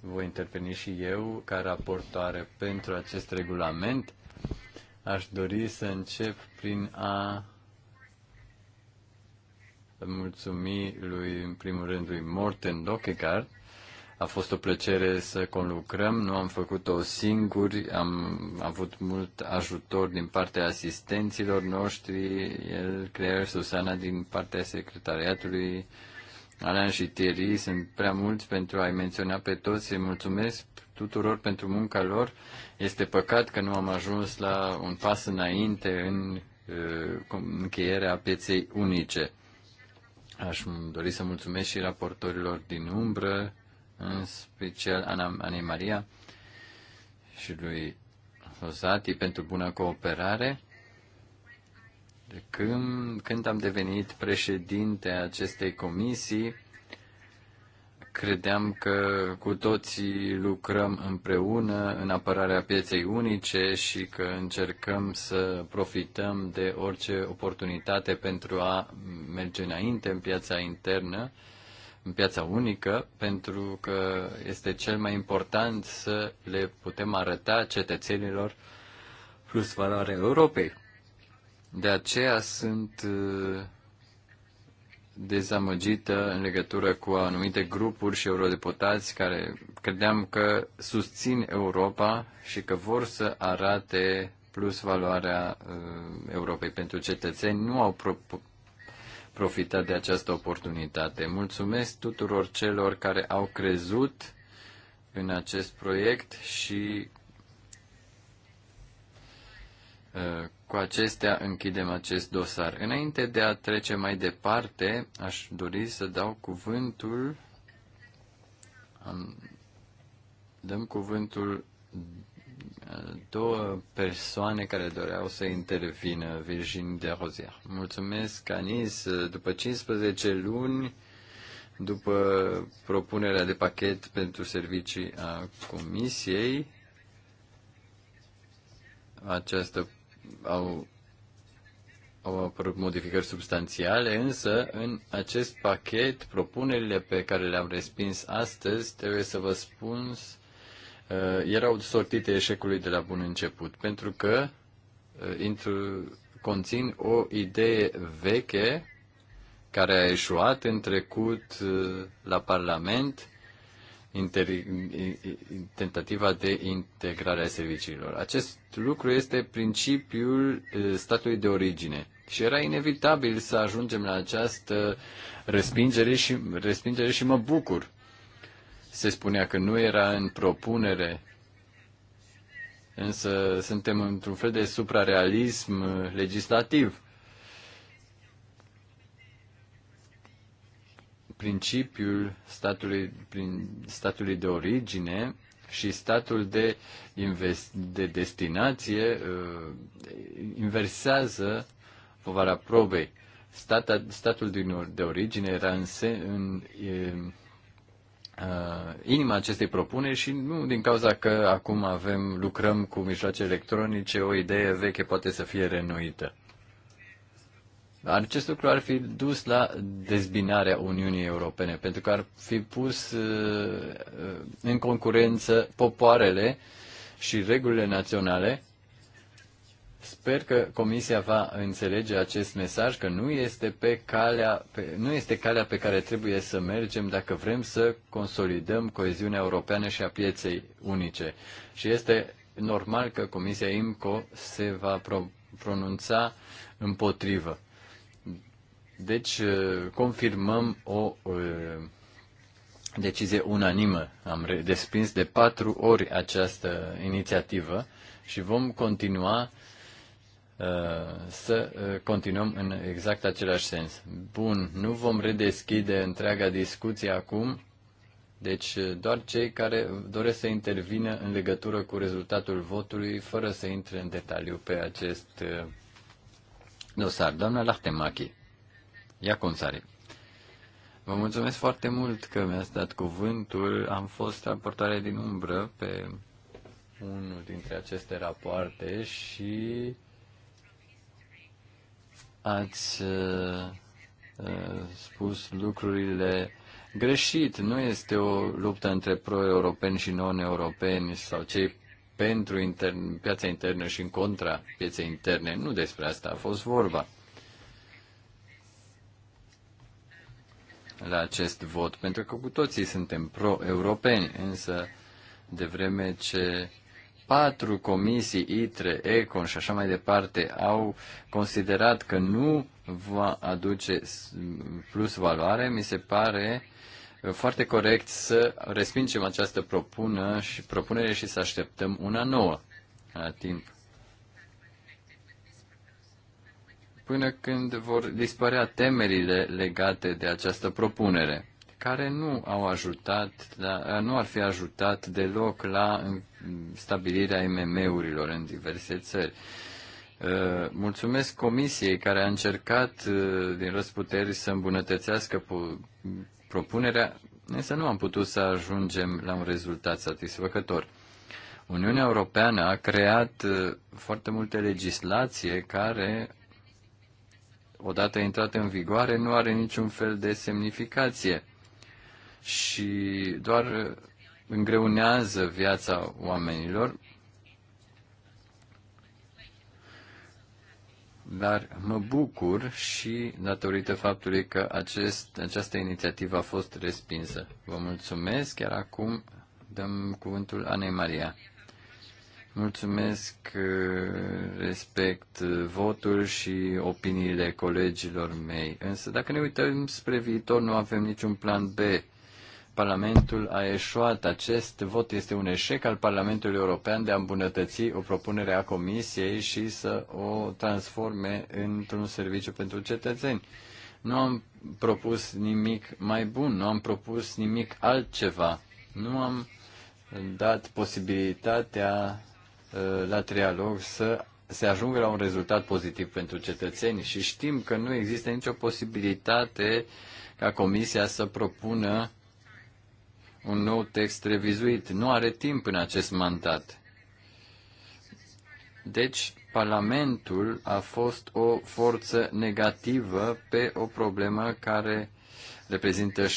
S3: Voi interveni și eu ca raportoare pentru acest regulament. Aș dori să încep prin a mulțumi lui, în primul rând, lui Morten Dockegaard a fost o plăcere să conlucrăm, nu am făcut-o singuri, am avut mult ajutor din partea asistenților noștri, el, Claire, Susana din partea secretariatului, Alan și Thierry, sunt prea mulți pentru a-i menționa pe toți, îi mulțumesc tuturor pentru munca lor. Este păcat că nu am ajuns la un pas înainte în uh, încheierea pieței unice. Aș dori să mulțumesc și raportorilor din umbră, în special Ana, Ana Maria și lui Rosati pentru bună cooperare. De când, când am devenit președinte acestei comisii, credeam că cu toții lucrăm împreună în apărarea pieței unice și că încercăm să profităm de orice oportunitate pentru a merge înainte în piața internă în piața unică, pentru că este cel mai important să le putem arăta cetățenilor plus valoare Europei. De aceea sunt uh, dezamăgită în legătură cu anumite grupuri și eurodeputați care credeam că susțin Europa și că vor să arate plus valoarea uh, Europei pentru cetățeni. Nu au profita de această oportunitate. Mulțumesc tuturor celor care au crezut în acest proiect și uh, cu acestea închidem acest dosar. Înainte de a trece mai departe, aș dori să dau cuvântul am, dăm cuvântul două persoane care doreau să intervină, Virgin de Rozier. Mulțumesc, Anis. După 15 luni, după propunerea de pachet pentru servicii a Comisiei, această au, au apărut modificări substanțiale, însă în acest pachet, propunerile pe care le-am respins astăzi, trebuie să vă spun, Uh, erau sortite eșecului de la bun început, pentru că uh, conțin o idee veche care a eșuat în trecut uh, la Parlament, tentativa de integrare a serviciilor. Acest lucru este principiul statului de origine. Și era inevitabil să ajungem la această respingere și, respingere și mă bucur se spunea că nu era în propunere, însă suntem într-un fel de suprarealism legislativ. Principiul statului, prin statului de origine și statul de, invest, de destinație uh, inversează povara probei. Stat, statul din, de origine era în, se, în, în Uh, inima acestei propuneri și nu din cauza că acum avem, lucrăm cu mijloace electronice, o idee veche poate să fie renuită. Acest lucru ar fi dus la dezbinarea Uniunii Europene, pentru că ar fi pus uh, uh, în concurență popoarele și regulile naționale Sper că Comisia va înțelege acest mesaj că nu este, pe calea, pe, nu este calea pe care trebuie să mergem dacă vrem să consolidăm coeziunea europeană și a pieței unice. Și este normal că Comisia IMCO se va pro, pronunța împotrivă. Deci uh, confirmăm o uh, decizie unanimă. Am respins de patru ori această inițiativă și vom continua Uh, să uh, continuăm în exact același sens. Bun, nu vom redeschide întreaga discuție acum, deci uh, doar cei care doresc să intervină în legătură cu rezultatul votului, fără să intre în detaliu pe acest dosar. Doamna Lahtemachi, ia consare. Vă mulțumesc foarte mult că mi-ați dat cuvântul. Am fost raportare din umbră pe unul dintre aceste rapoarte și ați uh, uh, spus lucrurile greșit. Nu este o luptă între pro-europeni și non-europeni sau cei pentru intern, piața internă și în contra pieței interne. Nu despre asta a fost vorba la acest vot, pentru că cu toții suntem pro-europeni, însă de vreme ce patru comisii, ITRE, ECON și așa mai departe, au considerat că nu va aduce plus valoare, mi se pare uh, foarte corect să respingem această propună și propunere și să așteptăm una nouă la timp. Până când vor dispărea temerile legate de această propunere care nu au ajutat, da, nu ar fi ajutat deloc la stabilirea MM-urilor în diverse țări. Uh, mulțumesc comisiei care a încercat uh, din răsputeri să îmbunătățească propunerea, însă nu am putut să ajungem la un rezultat satisfăcător. Uniunea Europeană a creat uh, foarte multe legislație care, odată intrată în vigoare, nu are niciun fel de semnificație și doar îngreunează viața oamenilor. Dar mă bucur și datorită faptului că acest, această inițiativă a fost respinsă. Vă mulțumesc, iar acum dăm cuvântul Anei Maria. Mulțumesc, respect votul și opiniile colegilor mei. Însă, dacă ne uităm spre viitor, nu avem niciun plan B. Parlamentul a eșuat. Acest vot este un eșec al Parlamentului European de a îmbunătăți o propunere a Comisiei și să o transforme într-un serviciu pentru cetățeni. Nu am propus nimic mai bun, nu am propus nimic altceva. Nu am dat posibilitatea uh, la trialog să se ajungă la un rezultat pozitiv pentru cetățeni și știm că nu există nicio posibilitate ca Comisia să propună un nou text revizuit. Nu are timp în acest mandat. Deci, Parlamentul a fost o forță negativă pe o problemă care reprezintă 70%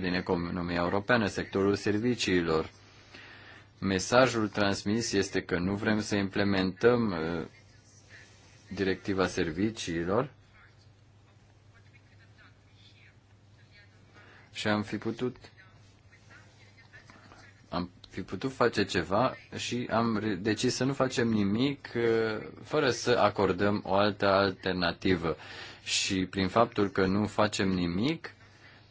S3: din economia europeană, sectorul serviciilor. Mesajul transmis este că nu vrem să implementăm uh, directiva serviciilor și am fi putut fi putut face ceva și am decis să nu facem nimic uh, fără să acordăm o altă alternativă. Și prin faptul că nu facem nimic,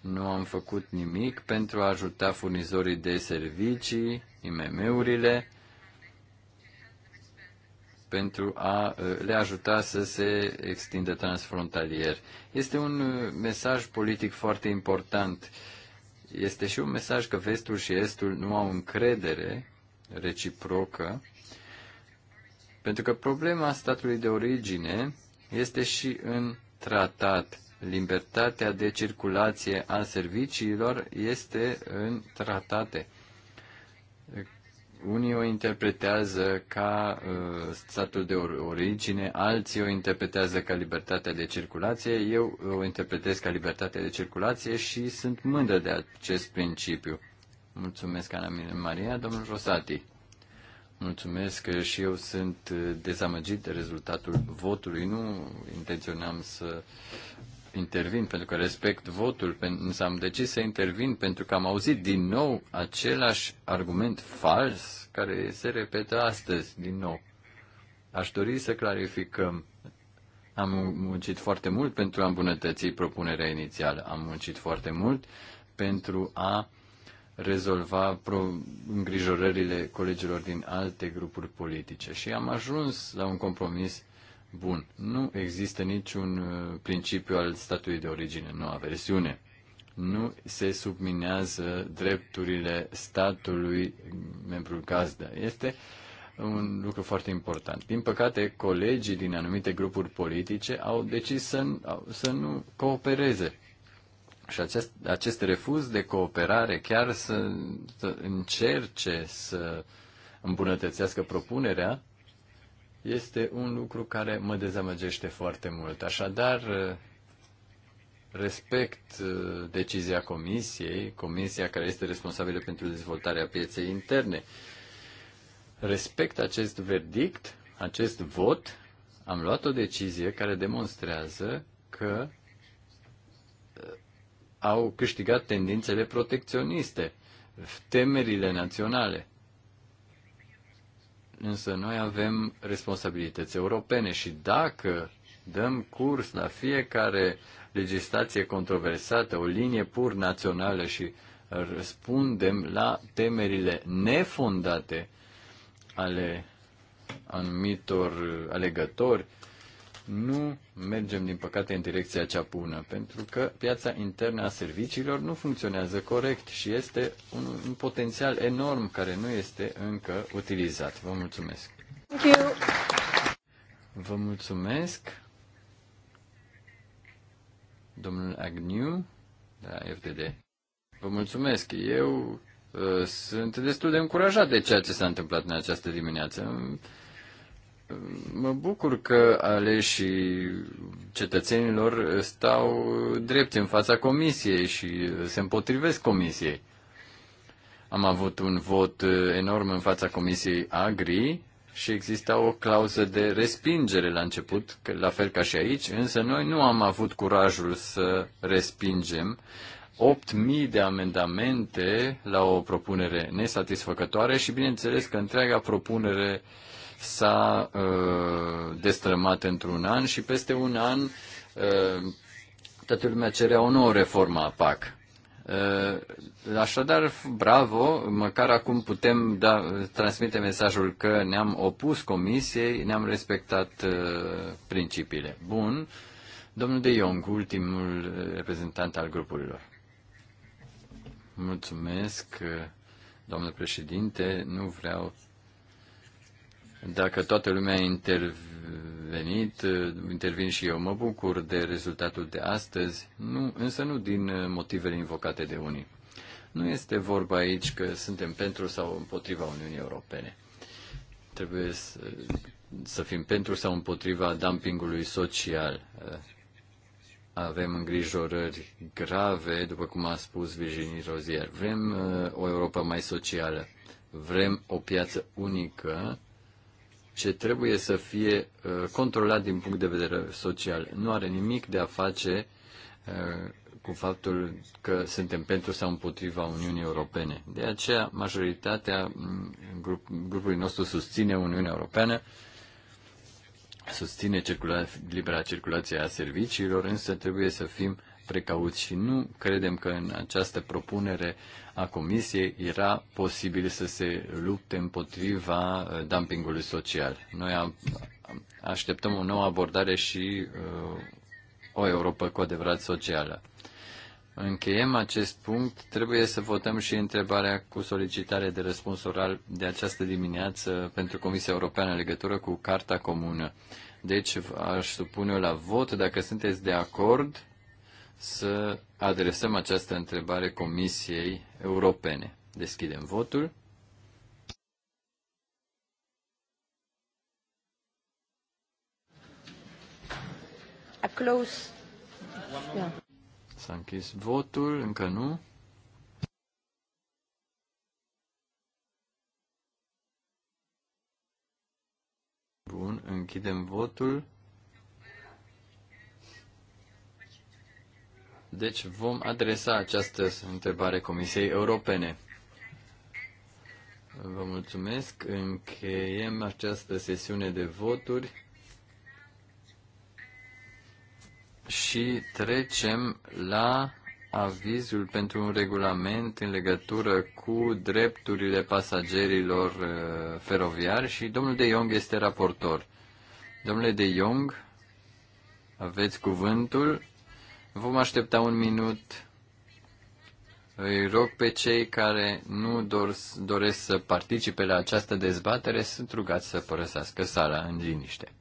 S3: nu am făcut nimic pentru a ajuta furnizorii de servicii, IMM-urile, pentru a uh, le ajuta să se extindă transfrontalier. Este un uh, mesaj politic foarte important este și un mesaj că vestul și estul nu au încredere reciprocă, pentru că problema statului de origine este și în tratat. Libertatea de circulație a serviciilor este în tratate unii o interpretează ca uh, statul de origine, alții o interpretează ca libertatea de circulație, eu uh, o interpretez ca libertatea de circulație și sunt mândră de acest principiu. Mulțumesc, Ana Maria, domnul Rosati. Mulțumesc că și eu sunt uh, dezamăgit de rezultatul votului. Nu intenționam să intervin pentru că respect votul, însă am decis să intervin pentru că am auzit din nou același argument fals care se repetă astăzi din nou. Aș dori să clarificăm. Am muncit foarte mult pentru a îmbunătăți propunerea inițială. Am muncit foarte mult pentru a rezolva îngrijorările colegilor din alte grupuri politice și am ajuns la un compromis bun. Nu există niciun uh, principiu al statului de origine, noua versiune. Nu se subminează drepturile statului membru gazdă. Este un lucru foarte important. Din păcate, colegii din anumite grupuri politice au decis să, să nu coopereze. Și acest, acest refuz de cooperare chiar să, să încerce să îmbunătățească propunerea, este un lucru care mă dezamăgește foarte mult. Așadar, respect uh, decizia comisiei, comisia care este responsabilă pentru dezvoltarea pieței interne. Respect acest verdict, acest vot, am luat o decizie care demonstrează că uh, au câștigat tendințele protecționiste, temerile naționale însă noi avem responsabilități europene și dacă dăm curs la fiecare legislație controversată, o linie pur națională și răspundem la temerile nefondate ale anumitor alegători, nu mergem, din păcate, în direcția cea bună, pentru că piața internă a serviciilor nu funcționează corect și este un, un potențial enorm care nu este încă utilizat. Vă mulțumesc! Thank you. Vă mulțumesc! Domnul Agnew, de la FDD. Vă mulțumesc! Eu uh, sunt destul de încurajat de ceea ce s-a întâmplat în această dimineață. Mă bucur că aleșii cetățenilor stau drept în fața comisiei și se împotrivesc comisiei. Am avut un vot enorm în fața comisiei Agri și exista o clauză de respingere la început, la fel ca și aici, însă noi nu am avut curajul să respingem 8.000 de amendamente la o propunere nesatisfăcătoare și bineînțeles că întreaga propunere uh, s-a uh, destrămat într-un an și peste un an uh, toată lumea cerea o nouă reformă a PAC. Uh, așadar, bravo, măcar acum putem da, transmite mesajul că ne-am opus comisiei, ne-am respectat uh, principiile. Bun. Domnul De Jong, ultimul uh, reprezentant al grupurilor. Mulțumesc, uh, domnule președinte. Nu vreau dacă toată lumea a intervenit, intervin și eu. Mă bucur de rezultatul de astăzi, nu, însă nu din motivele invocate de unii. Nu este vorba aici că suntem pentru sau împotriva Uniunii Europene. Trebuie să, să fim pentru sau împotriva dumpingului social. Avem îngrijorări grave, după cum a spus Virginie Rozier. Vrem uh, o Europa mai socială. Vrem o piață unică ce trebuie să fie uh, controlat din punct de vedere social. Nu are nimic de a face uh, cu faptul că suntem pentru sau împotriva Uniunii Europene. De aceea, majoritatea mm, grup, grupului nostru susține Uniunea Europeană, susține circula, libera circulație a serviciilor, însă trebuie să fim precauți și nu credem că în această propunere a Comisiei era posibil să se lupte împotriva uh, dumpingului social. Noi așteptăm o nouă abordare și uh, o Europa cu adevărat socială. Încheiem acest punct. Trebuie să votăm și întrebarea cu solicitare de răspuns oral de această dimineață pentru Comisia Europeană în legătură cu Carta Comună. Deci aș supune la vot. Dacă sunteți de acord, să adresăm această întrebare Comisiei Europene. Deschidem votul.
S1: A close.
S3: S-a închis votul, încă nu. Bun, închidem votul. Deci vom adresa această întrebare Comisiei Europene. Vă mulțumesc. Încheiem această sesiune de voturi și trecem la avizul pentru un regulament în legătură cu drepturile pasagerilor uh, feroviari și domnul De Jong este raportor. Domnule De Jong, aveți cuvântul Vom aștepta un minut. Îi rog pe cei care nu dor, doresc să participe la această dezbatere, sunt rugați să părăsească sala în liniște.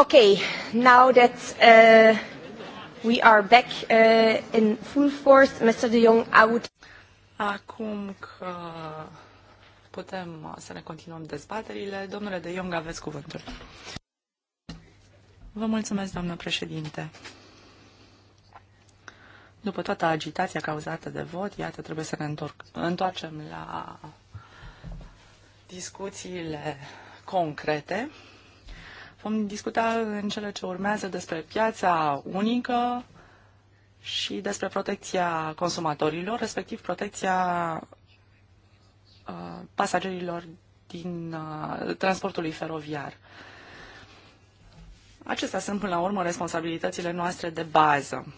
S1: Okay, now that uh, we are back uh, in full force, Mr. De Jong,
S2: I would... Acum că putem să ne continuăm dezbaterile, domnule De Jong, aveți cuvântul. Vă mulțumesc, doamnă președinte. După toată agitația cauzată de vot, iată, trebuie să ne întorc, întoarcem la discuțiile concrete. Vom discuta în cele ce urmează despre piața unică și despre protecția consumatorilor, respectiv protecția uh, pasagerilor din uh, transportului feroviar. Acestea sunt, până la urmă, responsabilitățile noastre de bază.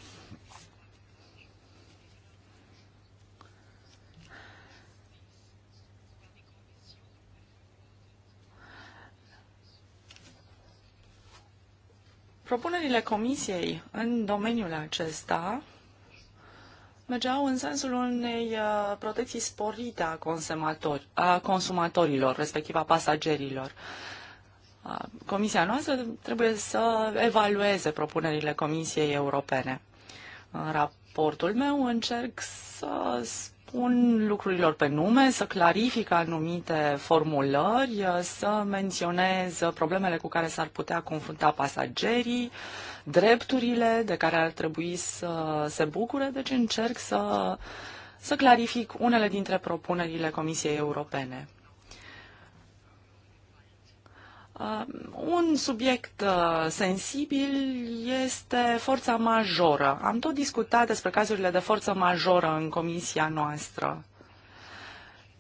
S2: Propunerile Comisiei în domeniul acesta mergeau în sensul unei uh, protecții sporite a, a consumatorilor, respectiv a pasagerilor. Uh, comisia noastră trebuie să evalueze propunerile Comisiei Europene. În raportul meu încerc să pun lucrurilor pe nume, să clarific anumite formulări, să menționez problemele cu care s-ar putea confrunta pasagerii, drepturile de care ar trebui să se bucure, deci încerc să, să clarific unele dintre propunerile Comisiei Europene. Um, un subiect uh, sensibil este forța majoră. Am tot discutat despre cazurile de forță majoră în comisia noastră.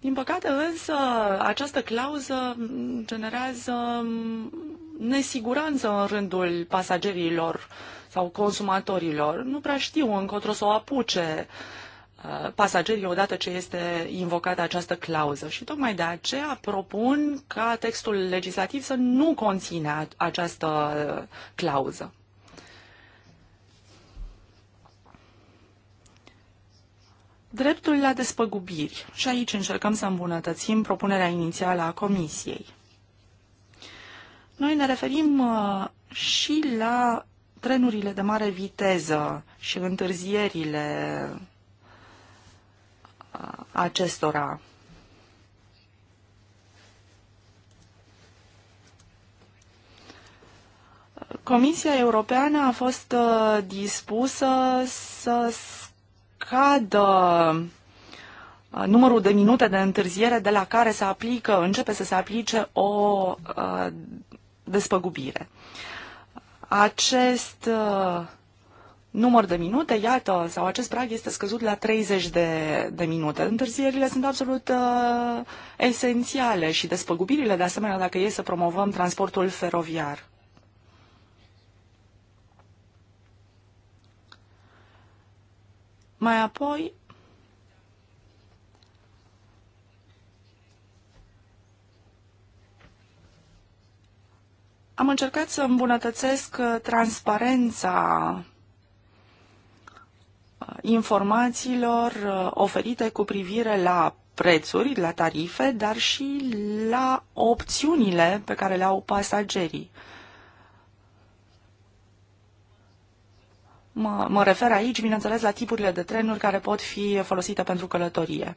S2: Din păcate însă, această clauză generează nesiguranță în rândul pasagerilor sau consumatorilor. Nu prea știu încotro să o apuce pasagerii odată ce este invocată această clauză. Și tocmai de aceea propun ca textul legislativ să nu conține această clauză. Dreptul la despăgubiri. Și aici încercăm să îmbunătățim propunerea inițială a Comisiei. Noi ne referim uh, și la trenurile de mare viteză și întârzierile acestora. Comisia Europeană a fost uh, dispusă să scadă uh, numărul de minute de întârziere de la care se aplică, începe să se aplice o uh, despăgubire. Acest număr de minute, iată, sau acest prag este scăzut la 30 de, de minute. Întârzierile sunt absolut uh, esențiale și despăgubirile, de asemenea, dacă e să promovăm transportul feroviar. Mai apoi, am încercat să îmbunătățesc uh, transparența informațiilor uh, oferite cu privire la prețuri, la tarife, dar și la opțiunile pe care le au pasagerii. Mă, mă refer aici, bineînțeles, la tipurile de trenuri care pot fi folosite pentru călătorie.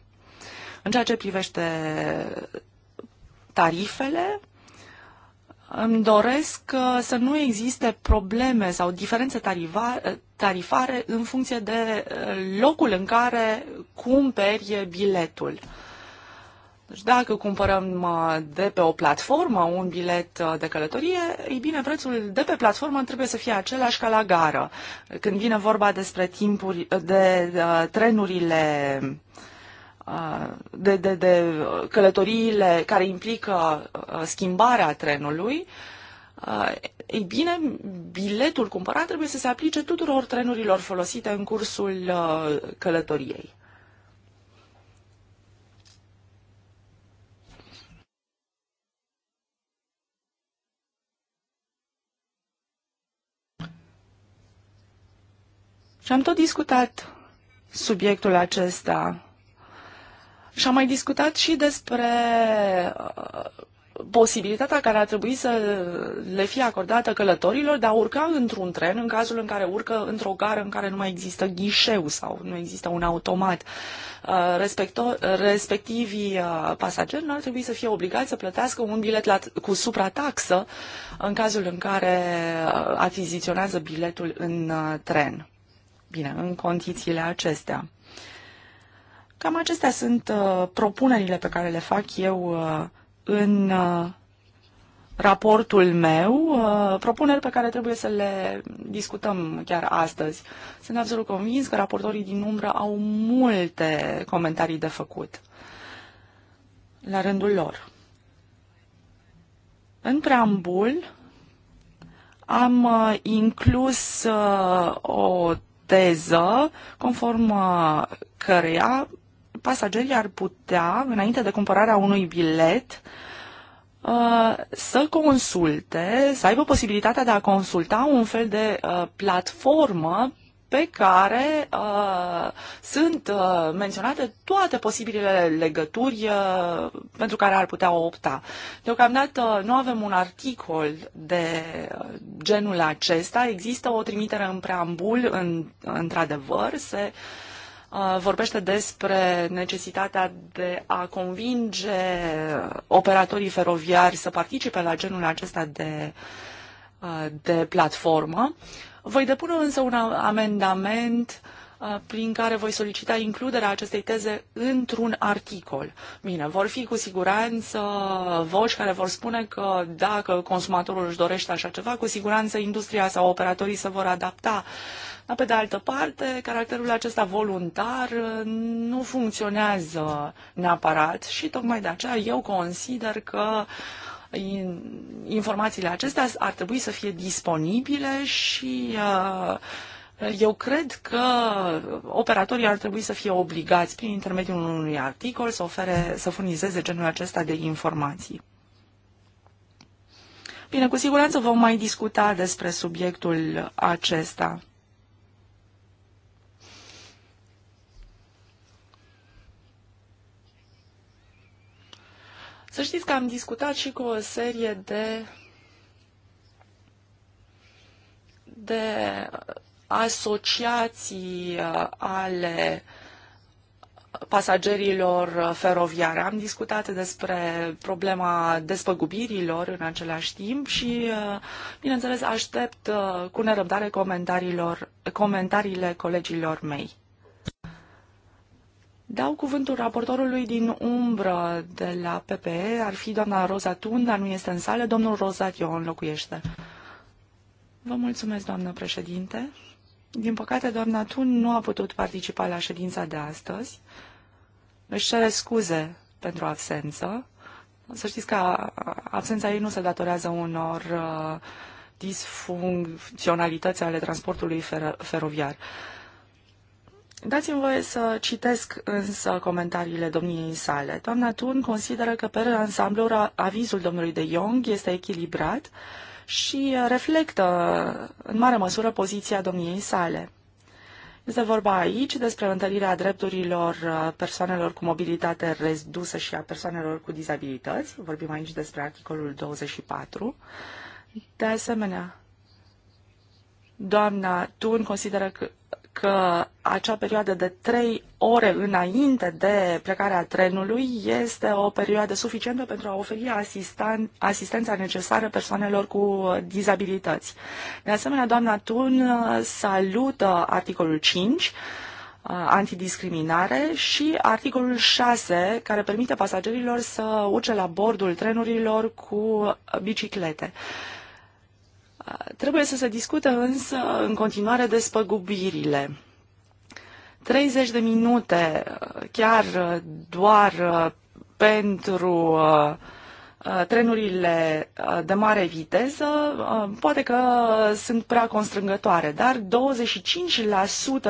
S2: În ceea ce privește tarifele, îmi doresc uh, să nu existe probleme sau diferențe uh, tarifare în funcție de uh, locul în care cumperi biletul. Deci dacă cumpărăm de pe o platformă un bilet de călătorie, ei bine, prețul de pe platformă trebuie să fie același ca la gară. Când vine vorba despre timpuri, de, de trenurile uh, Uh, de, de, de uh, călătoriile care implică uh, schimbarea trenului, ei bine, biletul cumpărat trebuie să se aplice tuturor trenurilor folosite în cursul călătoriei. Și am tot discutat subiectul acesta și am mai discutat și despre uh, posibilitatea care ar trebui să le fie acordată călătorilor de a urca într-un tren în cazul în care urcă într-o gară în care nu mai există ghișeu sau nu există un automat. Uh, respecto- respectivii uh, pasageri nu ar trebui să fie obligați să plătească un bilet la, cu suprataxă în cazul în care achiziționează biletul în tren. Bine, în condițiile acestea. Cam acestea sunt uh, propunerile pe care le fac eu uh, în uh, raportul meu, uh, propuneri pe care trebuie să le discutăm chiar astăzi. Sunt absolut convins că raportorii din umbră au multe comentarii de făcut la rândul lor. În preambul am uh, inclus uh, o teză conform căreia pasagerii ar putea, înainte de cumpărarea unui bilet, uh, să consulte, să aibă posibilitatea de a consulta un fel de uh, platformă pe care uh, sunt uh, menționate toate posibilele legături uh, pentru care ar putea opta. Deocamdată uh, nu avem un articol de genul acesta, există o trimitere în preambul, în, într-adevăr, se uh, Uh, vorbește despre necesitatea de a convinge operatorii feroviari să participe la genul acesta de, uh, de platformă. Voi depune însă un amendament uh, prin care voi solicita includerea acestei teze într-un articol. Bine, vor fi cu siguranță voci care vor spune că dacă consumatorul își dorește așa ceva, cu siguranță industria sau operatorii se vor adapta. Dar pe de altă parte, caracterul acesta voluntar uh, nu funcționează neapărat și tocmai de aceea eu consider că informațiile acestea ar trebui să fie disponibile și uh, eu cred că operatorii ar trebui să fie obligați prin intermediul unui articol să ofere, să furnizeze genul acesta de informații. Bine, cu siguranță vom mai discuta despre subiectul acesta. Să știți că am discutat și cu o serie de de asociații uh, ale pasagerilor feroviare. Am discutat despre problema despăgubirilor în același timp și, uh, bineînțeles, aștept uh, cu nerăbdare comentariilor, comentariile colegilor mei. Dau cuvântul raportorului din umbră de la PPE, ar fi doamna Roza Tun, dar nu este în sală, domnul Rozat o locuiește. Vă mulțumesc, doamnă președinte. Din păcate, doamna Tun nu a putut participa la ședința de astăzi. Își cere scuze pentru absență. Să știți că absența ei nu se datorează unor uh, disfuncționalități ale transportului fer- feroviar. Dați-mi voie să citesc însă comentariile domniei sale. Doamna Tun consideră că pe ansamblu avizul domnului de Jong este echilibrat, și reflectă în mare măsură poziția domniei sale. Este vorba aici despre întărirea drepturilor uh, persoanelor cu mobilitate redusă și a persoanelor cu dizabilități. Vorbim aici despre articolul 24. De asemenea, doamna Tun consideră că că acea perioadă de trei ore înainte de plecarea trenului este o perioadă suficientă pentru a oferi asistan, asistența necesară persoanelor cu dizabilități. De asemenea, doamna Tun uh, salută articolul 5 uh, antidiscriminare și articolul 6 care permite pasagerilor să urce la bordul trenurilor cu biciclete. Uh, Trebuie să se discute însă în continuare despăgubirile. 30 de minute chiar doar uh, pentru uh, Uh, trenurile uh, de mare viteză, uh, poate că sunt prea constrângătoare, dar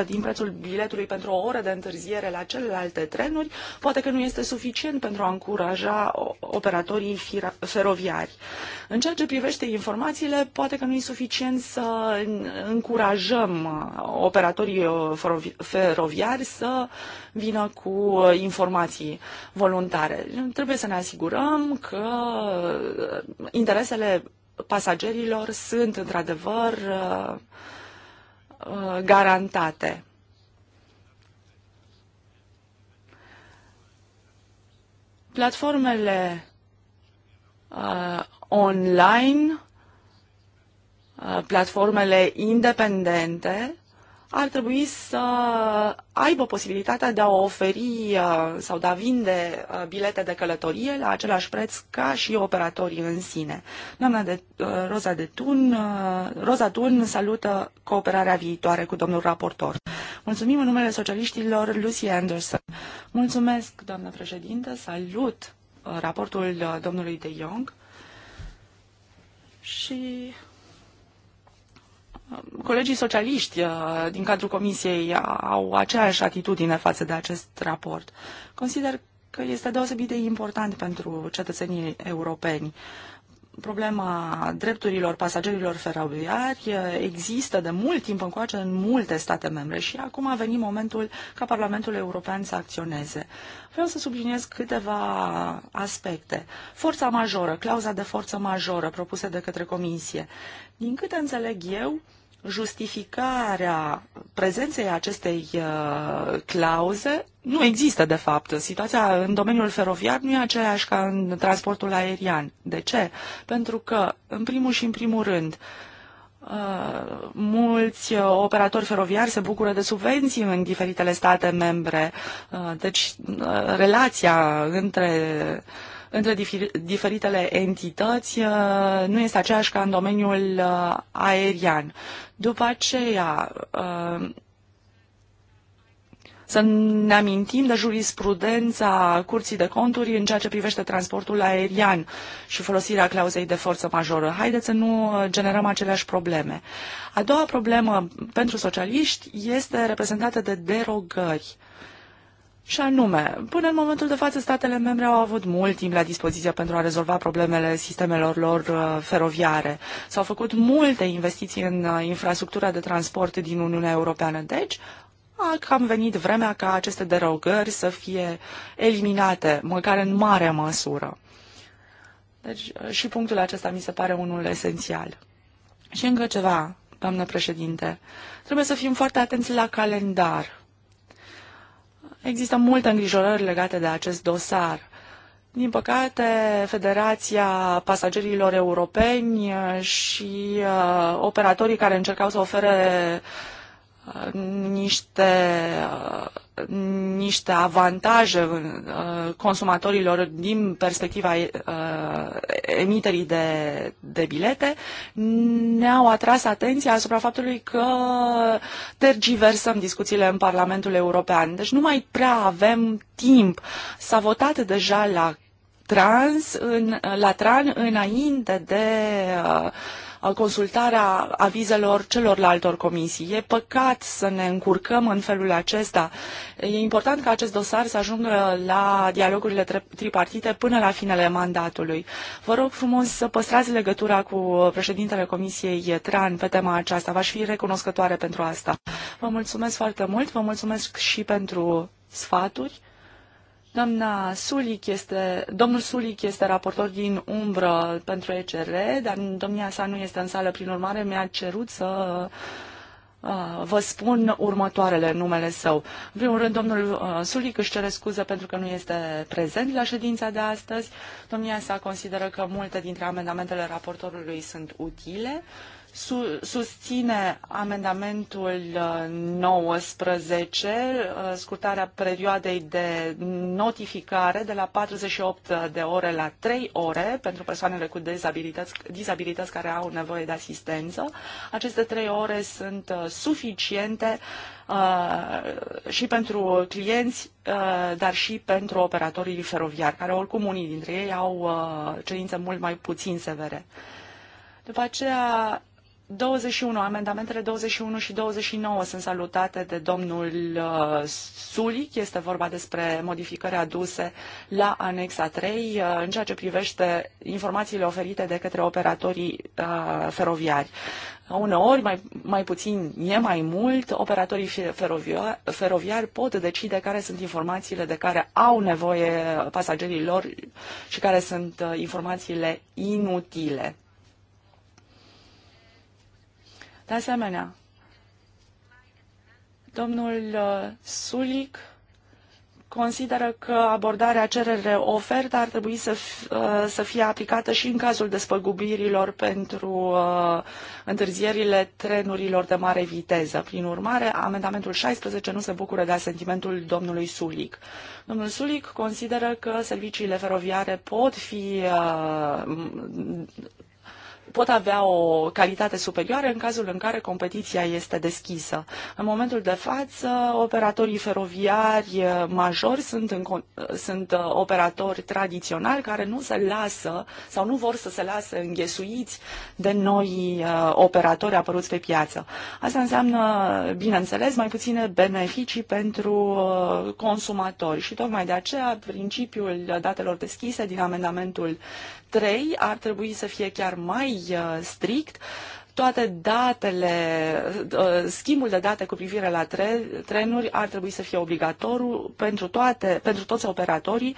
S2: 25% din prețul biletului pentru o oră de întârziere la celelalte trenuri poate că nu este suficient pentru a încuraja operatorii feroviari. În ceea ce privește informațiile, poate că nu e suficient să încurajăm operatorii feroviari să vină cu uh, informații voluntare. Trebuie să ne asigurăm că uh, interesele pasagerilor sunt într-adevăr uh, garantate. Platformele uh, online, uh, platformele independente ar trebui să aibă posibilitatea de a oferi uh, sau de a vinde uh, bilete de călătorie la același preț ca și operatorii în sine. Doamna de, uh, Roza, de Tun, Roza Tun salută cooperarea viitoare cu domnul raportor. Mulțumim în numele socialiștilor Lucy Anderson. Mulțumesc, doamnă președintă, salut raportul domnului De Jong și Colegii socialiști uh, din cadrul comisiei uh, au aceeași atitudine față de acest raport. Consider că este deosebit de important pentru cetățenii europeni problema drepturilor pasagerilor feroviari eh, există de mult timp încoace în multe state membre și acum a venit momentul ca Parlamentul European să acționeze. Vreau să subliniez câteva aspecte. Forța majoră, clauza de forță majoră propusă de către Comisie. Din câte înțeleg eu, justificarea prezenței acestei uh, clauze nu există, de fapt. Situația în domeniul feroviar nu e aceeași ca în transportul aerian. De ce? Pentru că, în primul și în primul rând, Uh, mulți operatori feroviari se bucură de subvenții în diferitele state membre. Uh, deci, uh, relația între uh, între diferitele entități uh, nu este aceeași ca în domeniul uh, aerian. După aceea, uh, să ne amintim de jurisprudența Curții de Conturi în ceea ce privește transportul aerian și folosirea clauzei de forță majoră. Haideți să nu generăm aceleași probleme. A doua problemă pentru socialiști este reprezentată de derogări. Și anume, până în momentul de față, statele membre au avut mult timp la dispoziție pentru a rezolva problemele sistemelor lor uh, feroviare. S-au făcut multe investiții în uh, infrastructura de transport din Uniunea Europeană. Deci, a cam venit vremea ca aceste derogări să fie eliminate, măcar în mare măsură. Deci, uh, și punctul acesta mi se pare unul esențial. Și încă ceva, doamnă președinte. Trebuie să fim foarte atenți la calendar Există multe îngrijorări legate de acest dosar. Din păcate, Federația Pasagerilor Europeni uh, și uh, operatorii care încercau să ofere uh, niște uh, niște avantaje uh, consumatorilor din perspectiva uh, emiterii de, de bilete, ne-au atras atenția asupra faptului că tergiversăm discuțiile în Parlamentul European. Deci nu mai prea avem timp. S-a votat deja la trans, în, la tran înainte de uh, consultarea avizelor celorlaltor comisii. E păcat să ne încurcăm în felul acesta. E important ca acest dosar să ajungă la dialogurile tripartite până la finele mandatului. Vă rog frumos să păstrați legătura cu președintele Comisiei TRAN pe tema aceasta. V-aș fi recunoscătoare pentru asta. Vă mulțumesc foarte mult, vă mulțumesc și pentru sfaturi. Doamna Sulic este, domnul Sulic este raportor din umbră pentru ECR, dar domnia sa nu este în sală, prin urmare mi-a cerut să uh, vă spun următoarele numele său. În primul rând, domnul uh, Sulic își cere scuze pentru că nu este prezent la ședința de astăzi. Domnia sa consideră că multe dintre amendamentele raportorului sunt utile. Uh, su- susține amendamentul 19, uh, uh, scurtarea perioadei de notificare de la 48 de ore la 3 ore pentru persoanele cu dizabilități, dizabilități care au nevoie de asistență. Aceste 3 ore sunt uh, suficiente uh, și pentru clienți, uh, dar și pentru operatorii feroviari, care oricum unii dintre ei au uh, cerințe mult mai puțin severe. După aceea, 21, amendamentele 21 și 29 sunt salutate de domnul uh, Sulic. Este vorba despre modificări aduse la anexa 3 uh, în ceea ce privește informațiile oferite de către operatorii uh, feroviari. Uneori, mai, mai puțin e mai mult, operatorii feroviari, feroviari pot decide care sunt informațiile de care au nevoie pasagerii lor și care sunt informațiile inutile. De asemenea, domnul uh, Sulic consideră că abordarea cerere-ofertă ar trebui să, uh, să fie aplicată și în cazul despăgubirilor pentru uh, întârzierile trenurilor de mare viteză. Prin urmare, amendamentul 16 nu se bucură de asentimentul domnului Sulic. Domnul Sulic consideră că serviciile feroviare pot fi uh, pot avea o calitate superioară în cazul în care competiția este deschisă. În momentul de față, operatorii feroviari eh, majori sunt, în, eh, sunt eh, operatori tradiționali care nu se lasă sau nu vor să se lasă înghesuiți de noi operatori apăruți pe piață. Asta înseamnă, bineînțeles, mai puține beneficii pentru consumatori și tocmai de aceea principiul datelor deschise din amendamentul 3 ar trebui să fie chiar mai uh, strict toate datele, uh, schimbul de date cu privire la tre- trenuri ar trebui să fie obligatoriu pentru, toate, pentru toți operatorii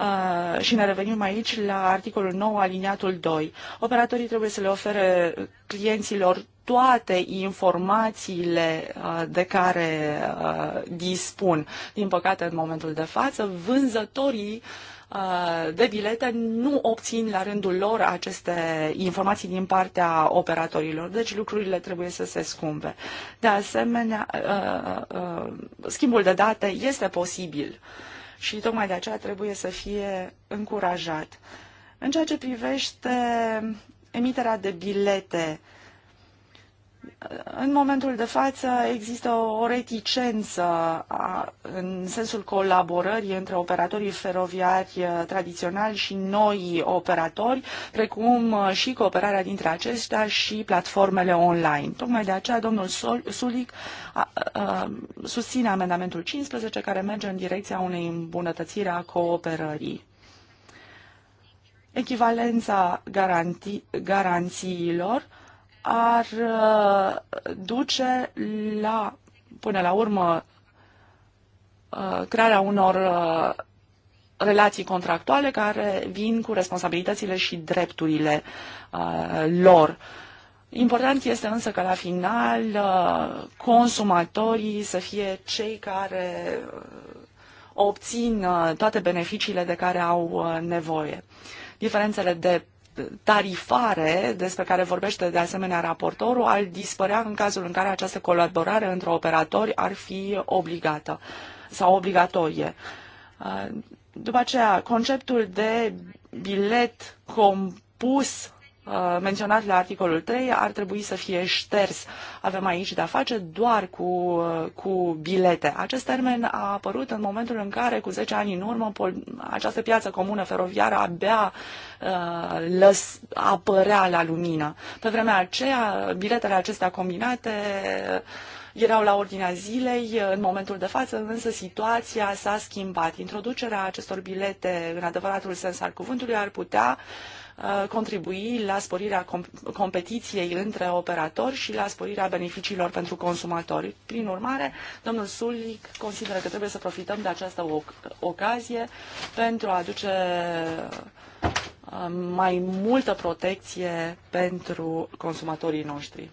S2: Uh, și ne revenim aici la articolul 9, aliniatul 2. Operatorii trebuie să le ofere clienților toate informațiile uh, de care uh, dispun. Din păcate, în momentul de față, vânzătorii uh, Uh, de bilete nu obțin la rândul lor aceste informații din partea operatorilor, deci lucrurile trebuie să se scumpe. De asemenea, uh, uh, schimbul de date este posibil și tocmai de aceea trebuie să fie încurajat. În ceea ce privește emiterea de bilete în momentul de față există o reticență a, în sensul colaborării între operatorii feroviari uh, tradiționali și noi operatori, precum uh, și cooperarea dintre aceștia și platformele online. Tocmai de aceea domnul Sulic a, a, uh, susține amendamentul 15 care merge în direcția unei îmbunătățiri a cooperării echivalența garanti- garanțiilor ar uh, duce la, până la urmă, uh, crearea unor uh, relații contractuale care vin cu responsabilitățile și drepturile lor. Important este însă că la final consumatorii să fie cei care obțin toate beneficiile de care au nevoie. Diferențele de tarifare despre care vorbește de asemenea raportorul ar dispărea în cazul în care această colaborare între operatori ar fi obligată sau obligatorie. Uh, după aceea, conceptul de bilet compus Uh, menționat la articolul 3 ar trebui să fie șters. Avem aici de-a face doar cu, uh, cu bilete. Acest termen a apărut în momentul în care, cu 10 ani în urmă, această piață comună feroviară abia uh, lăs, apărea la lumină. Pe vremea aceea, biletele acestea combinate uh, erau la ordinea zilei. În momentul de față, însă, situația s-a schimbat. Introducerea acestor bilete, în adevăratul sens al cuvântului, ar putea uh, Uh, contribui la sporirea competiției între operatori și la sporirea beneficiilor pentru consumatori. Prin urmare, domnul Sulic consideră că trebuie să profităm de această ocazie pentru a aduce uh, mai multă protecție pentru consumatorii noștri.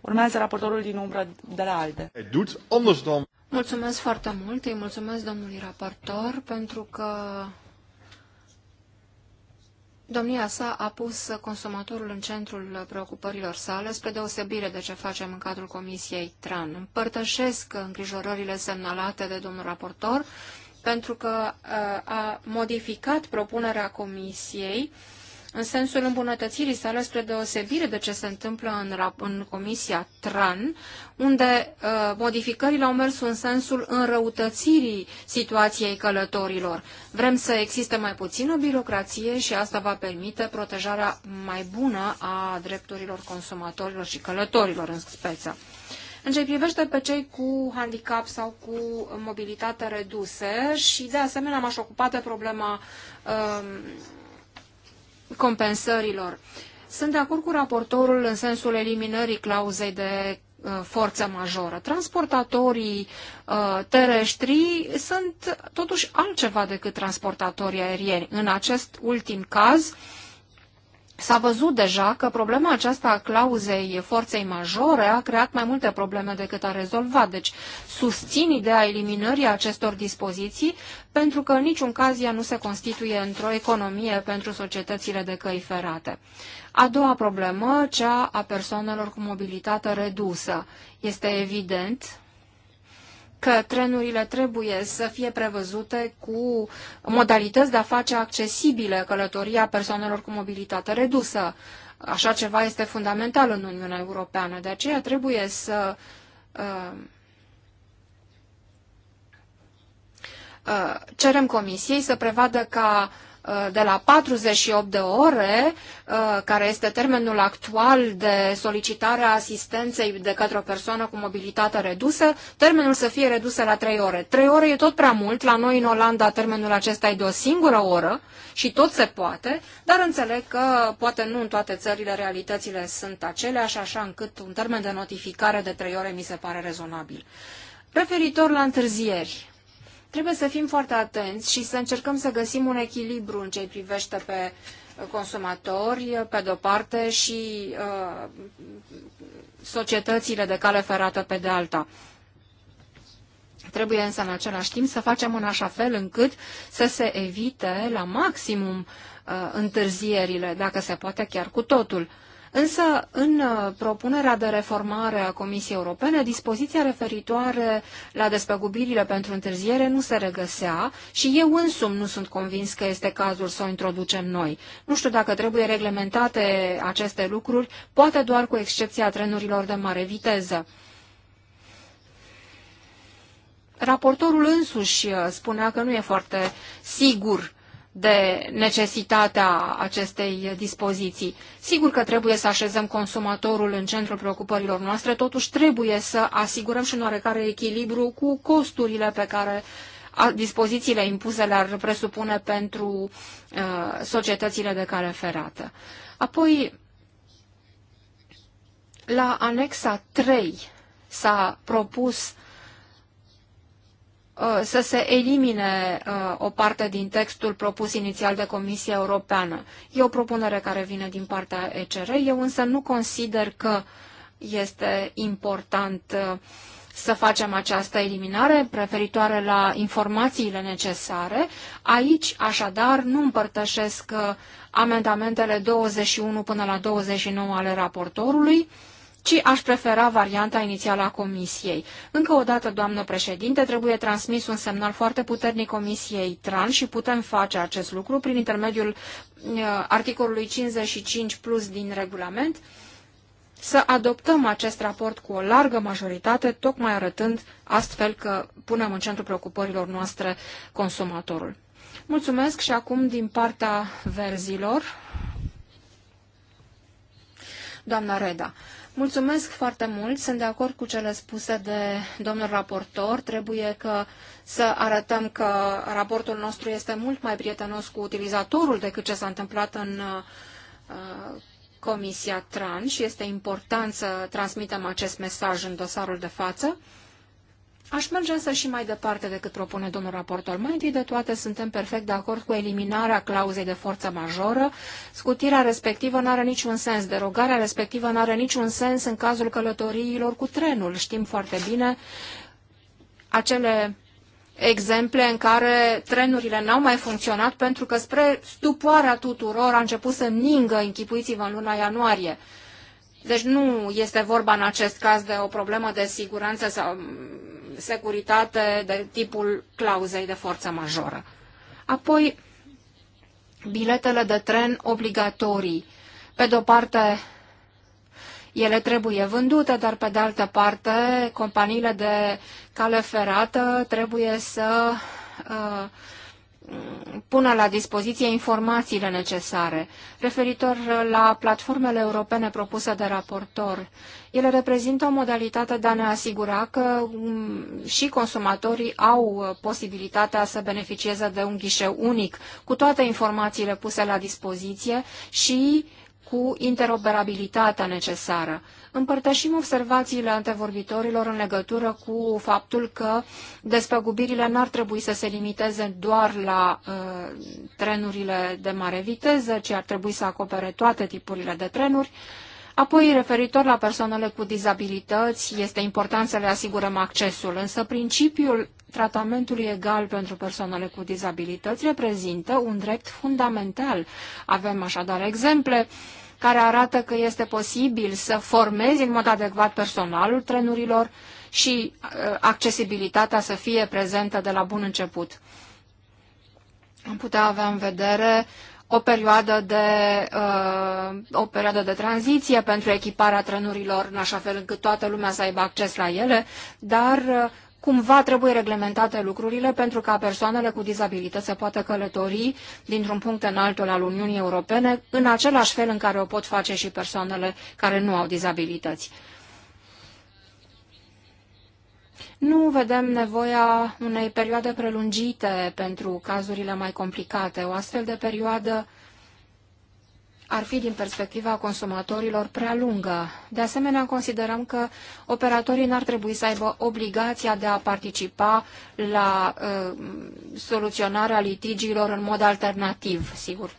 S2: Urmează raportorul din umbră de la ALDE.
S1: Mulțumesc foarte mult, îi mulțumesc domnului raportor pentru că Domnia sa a pus consumatorul în centrul preocupărilor sale, spre deosebire de ce facem în cadrul Comisiei TRAN. Împărtășesc îngrijorările semnalate de domnul raportor, pentru că uh, a modificat propunerea Comisiei uh, în sensul îmbunătățirii sale spre deosebire de ce se întâmplă în, în Comisia TRAN, unde uh, modificările au mers în sensul înrăutățirii situației călătorilor. Vrem să existe mai puțină birocrație și asta va permite protejarea mai bună a drepturilor consumatorilor și călătorilor în speță. În ce privește pe cei cu handicap sau cu mobilitate reduse și de asemenea m-aș ocupa de problema um, compensărilor. Sunt de acord cu raportorul în sensul eliminării clauzei de uh, forță majoră. Transportatorii uh, terestri sunt totuși altceva decât transportatorii aerieni. În acest ultim caz, S-a văzut deja că problema aceasta a clauzei forței majore a creat mai multe probleme decât a rezolvat, deci susțin ideea eliminării acestor dispoziții pentru că în niciun caz ea nu se constituie într-o economie pentru societățile de căi ferate. A doua problemă, cea a persoanelor cu mobilitate redusă. Este evident că trenurile trebuie să fie prevăzute cu modalități de a face accesibile călătoria persoanelor cu mobilitate redusă. Așa ceva este fundamental în Uniunea Europeană. De aceea trebuie să uh, uh, cerem Comisiei să prevadă ca uh, Eh, de la 48 de ore, eh, care este termenul actual de solicitare a asistenței de către o persoană cu mobilitate redusă, termenul să fie redus la 3 ore. 3 ore e tot prea mult, la noi în Olanda termenul acesta e de o singură oră și tot se poate, dar înțeleg că poate nu în toate țările realitățile sunt aceleași, așa încât un termen de notificare de 3 ore mi se pare rezonabil. Referitor la întârzieri, Trebuie să fim foarte atenți și să încercăm să găsim un echilibru în ce privește pe consumatori, pe de-o parte, și uh, societățile de cale ferată pe de alta. Trebuie însă în același timp să facem în așa fel încât să se evite la maximum uh, întârzierile, dacă se poate chiar cu totul. Uh, Însă, în uh, propunerea de reformare a Comisiei Europene, dispoziția referitoare la despăgubirile pentru întârziere nu se regăsea și eu însumi nu sunt convins că este cazul să o introducem noi. Nu știu dacă trebuie reglementate aceste lucruri, poate doar cu excepția trenurilor de mare viteză. Raportorul însuși uh, spunea că nu e foarte sigur de necesitatea acestei dispoziții. Sigur că trebuie să așezăm consumatorul în centrul preocupărilor noastre, totuși trebuie să asigurăm și un oarecare echilibru cu costurile pe care dispozițiile impuse le-ar presupune pentru uh, societățile de care ferată. Apoi, la anexa 3 s-a propus Uh, să se elimine uh, o parte din textul propus inițial de Comisia Europeană. E o propunere care vine din partea ECR, eu însă nu consider că este important uh, să facem această eliminare preferitoare la informațiile necesare. Aici, așadar, nu împărtășesc amendamentele 21 până la 29 ale raportorului, ci aș prefera varianta inițială a Comisiei. Încă o dată, doamnă președinte, trebuie transmis un semnal foarte puternic Comisiei TRAN și putem face acest lucru prin intermediul uh, articolului 55 plus din regulament, să adoptăm acest raport cu o largă majoritate, tocmai arătând astfel că punem în centrul preocupărilor noastre consumatorul. Mulțumesc și acum din partea verzilor. Doamna Reda, Mulțumesc foarte mult, sunt de acord cu cele spuse de domnul raportor. Trebuie că să arătăm că raportul nostru este mult mai prietenos cu utilizatorul decât ce s-a întâmplat în uh, Comisia TRAN și este important să transmitem acest mesaj în dosarul de față. Aș merge însă și mai departe decât propune domnul raportor. Mai întâi de toate, suntem perfect de acord cu eliminarea clauzei de forță majoră. Scutirea respectivă nu are niciun sens. Derogarea respectivă nu are niciun sens în cazul călătoriilor cu trenul. Știm foarte bine acele exemple în care trenurile n-au mai funcționat pentru că spre stupoarea tuturor a început să ningă, închipuiți-vă, în luna ianuarie. Deci nu este vorba în acest caz de o problemă de siguranță sau securitate de tipul clauzei de forță majoră. Apoi, biletele de tren obligatorii. Pe de-o parte, ele trebuie vândute, dar pe de altă parte, companiile de cale ferată trebuie să uh, pună la dispoziție informațiile necesare. Referitor la platformele europene propuse de raportor, ele reprezintă o modalitate de a ne asigura că mm, și consumatorii au uh, posibilitatea să beneficieze de un ghișeu unic cu toate informațiile puse la dispoziție și cu interoperabilitatea necesară. Împărtășim observațiile antevorbitorilor în legătură cu faptul că despăgubirile n-ar trebui să se limiteze doar la uh, trenurile de mare viteză, ci ar trebui să acopere toate tipurile de trenuri. Apoi, referitor la persoanele cu dizabilități, este important să le asigurăm accesul, însă principiul tratamentului egal pentru persoanele cu dizabilități reprezintă un drept fundamental. Avem așadar exemple uh, care arată că este posibil să formezi în mod adecvat personalul trenurilor și uh, accesibilitatea să fie prezentă de la bun început. Am putea avea în vedere o perioadă de, uh, o perioadă de tranziție pentru echiparea trenurilor, în așa fel încât toată lumea să aibă acces la ele, dar uh, cumva trebuie reglementate lucrurile pentru ca persoanele cu dizabilități să poată călători dintr-un punct în altul al Uniunii Europene, în același fel în care o pot face și persoanele care nu au dizabilități. Nu vedem nevoia unei perioade prelungite pentru cazurile mai complicate. O astfel de perioadă ar fi din perspectiva consumatorilor prea lungă. De asemenea, considerăm că operatorii n-ar trebui să aibă obligația de a participa la uh, soluționarea litigiilor în mod alternativ, sigur.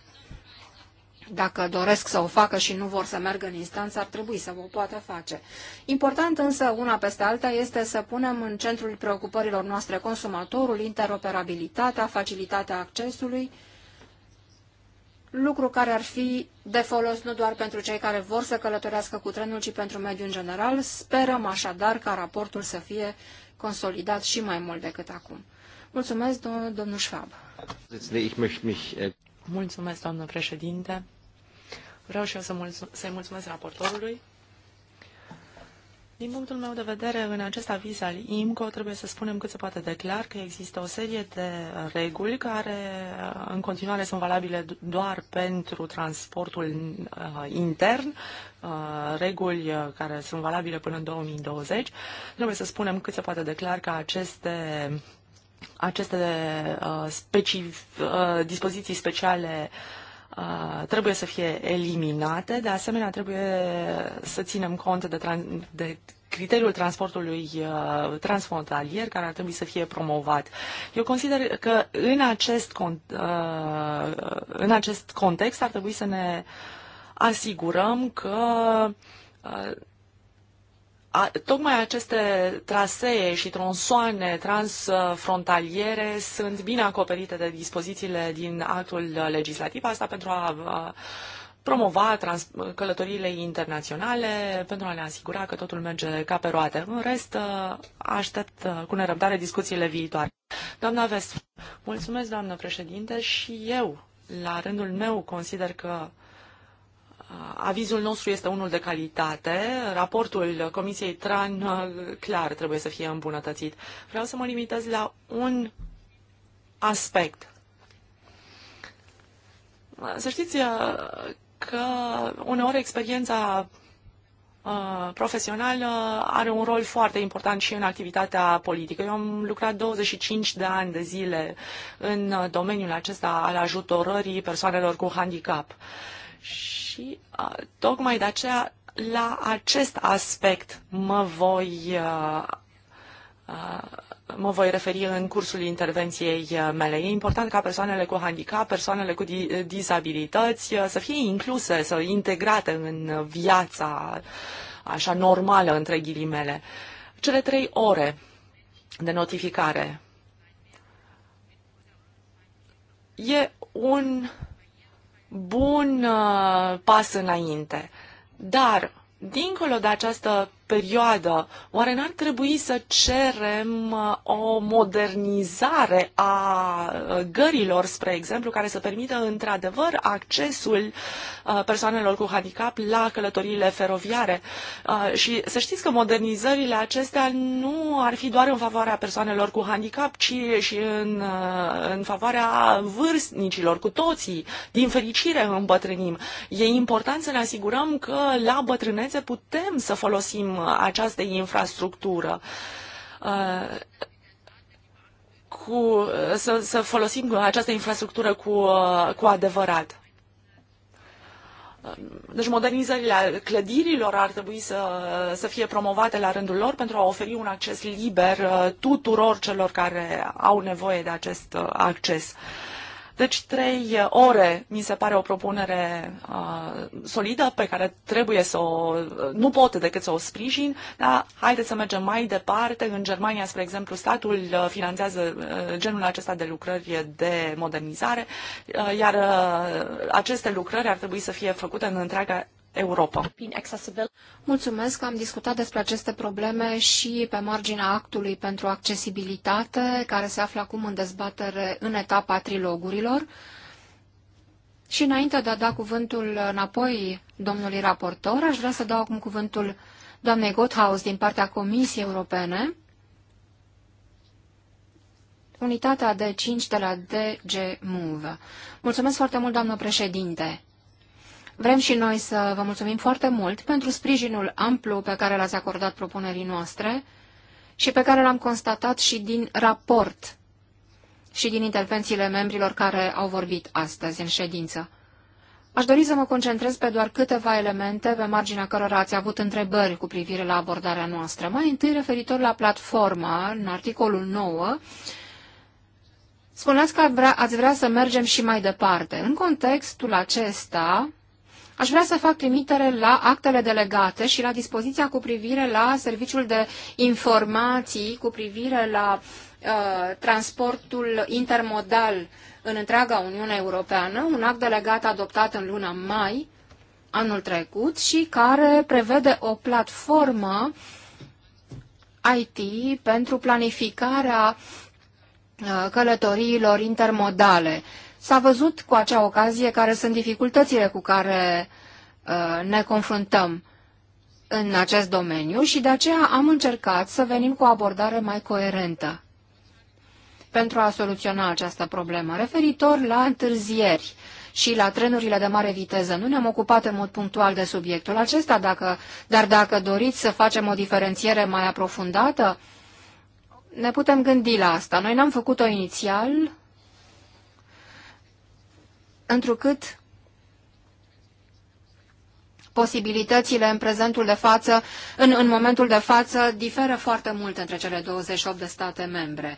S1: Dacă doresc să o facă și nu vor să meargă în instanță, ar trebui să o poată face. Important însă, una peste alta, este să punem în centrul preocupărilor noastre consumatorul, interoperabilitatea, facilitatea accesului, lucru care ar fi de folos nu doar pentru cei care vor să călătorească cu trenul, ci pentru mediul în general. Sperăm așadar ca raportul să fie consolidat și mai mult decât acum. Mulțumesc, domnul, domnul Schwab.
S3: Äh,
S2: mulțumesc, doamnă președinte. Vreau și eu să să-i mulțumesc raportorului din punctul meu de vedere, în acest aviz al IMCO trebuie să spunem cât se poate de clar că există o serie de uh, reguli care uh, în continuare sunt valabile doar pentru transportul uh, intern, uh, reguli uh, care sunt valabile până în 2020. Trebuie să spunem cât se poate de clar că aceste aceste uh, specif, uh, dispoziții speciale uh, trebuie să fie eliminate. De asemenea, trebuie să ținem cont de, tran- de criteriul transportului uh, transfrontalier care ar trebui să fie promovat. Eu consider că în acest, con- uh, în acest context ar trebui să ne asigurăm că uh, a, tocmai aceste trasee și tronsoane transfrontaliere sunt bine acoperite de dispozițiile din actul legislativ, asta pentru a, a promova trans, călătoriile internaționale, pentru a ne asigura că totul merge ca pe roate. În rest, aștept cu nerăbdare discuțiile viitoare. Doamna Vest, mulțumesc, doamnă președinte, și eu, la rândul meu, consider că Avizul nostru este unul de calitate. Raportul Comisiei TRAN uh, clar trebuie să fie îmbunătățit. Vreau să mă limitez la un aspect. Să știți uh, că uneori experiența uh, profesional are un rol foarte important și în activitatea politică. Eu am lucrat 25 de ani de zile în domeniul acesta al ajutorării persoanelor cu handicap. Și și uh, tocmai de aceea la acest aspect mă voi, mă voi referi în cursul intervenției mele. E important ca persoanele cu handicap, persoanele cu di- dizabilități să fie incluse, să integrate în viața așa normală, între ghilimele. Cele trei ore de notificare e un bun uh, pas înainte. Dar, dincolo de această perioadă, oare n-ar trebui să cerem uh, o modernizare a uh, gărilor, spre exemplu, care să permită într-adevăr accesul uh, persoanelor cu handicap la călătoriile feroviare? Și să știți că modernizările acestea nu ar fi doar în favoarea persoanelor cu handicap, ci și în, în favoarea vârstnicilor, cu toții. Din fericire îmbătrânim. E important să ne asigurăm că la bătrânețe putem să folosim Uh, această infrastructură uh, cu, uh, să, să folosim această infrastructură cu, cu adevărat. Deci modernizările clădirilor ar trebui să, să fie promovate la rândul lor pentru a oferi un acces liber tuturor celor care au nevoie de acest acces. Uh, deci trei ore mi se pare o propunere uh, solidă pe care trebuie să o, nu pot decât să o sprijin, dar haideți să mergem mai departe. În Germania, spre exemplu, statul uh, finanțează uh, genul acesta de lucrări de modernizare, uh, iar uh, aceste lucrări ar trebui să fie făcute în întreaga Europa.
S1: Mulțumesc, am discutat despre aceste probleme și pe marginea actului pentru accesibilitate, care se află acum în dezbatere în etapa trilogurilor. Și înainte de a da cuvântul înapoi domnului raportor, aș vrea să dau acum cuvântul doamnei Gotthaus din partea Comisiei Europene. Unitatea de 5 de la DG Move. Mulțumesc foarte mult, doamnă președinte. Vrem și noi să vă mulțumim foarte mult pentru sprijinul amplu pe care l-ați acordat propunerii noastre și pe care l-am constatat și din raport și din intervențiile membrilor care au vorbit astăzi în ședință. Aș dori să mă concentrez pe doar câteva elemente pe marginea cărora ați avut întrebări cu privire la abordarea noastră. Mai întâi, referitor la platforma, în articolul 9, spuneați că ați vrea să mergem și mai departe. În contextul acesta, Aș vrea să fac trimitere la actele delegate și la dispoziția cu privire la serviciul de informații, cu privire la uh, transportul intermodal în întreaga Uniune Europeană, un act delegat adoptat în luna mai anul trecut și care prevede o platformă IT pentru planificarea uh, călătoriilor intermodale. S-a văzut cu acea ocazie care sunt dificultățile cu care uh, ne confruntăm în acest domeniu și de aceea am încercat să venim cu o abordare mai coerentă pentru a soluționa această problemă. Referitor la întârzieri și la trenurile de mare viteză, nu ne-am ocupat în mod punctual de subiectul acesta, dacă, dar dacă doriți să facem o diferențiere mai aprofundată, ne putem gândi la asta. Noi n-am făcut-o inițial, întrucât posibilitățile în prezentul de față, în, în momentul de față, diferă foarte mult între cele 28 de state membre.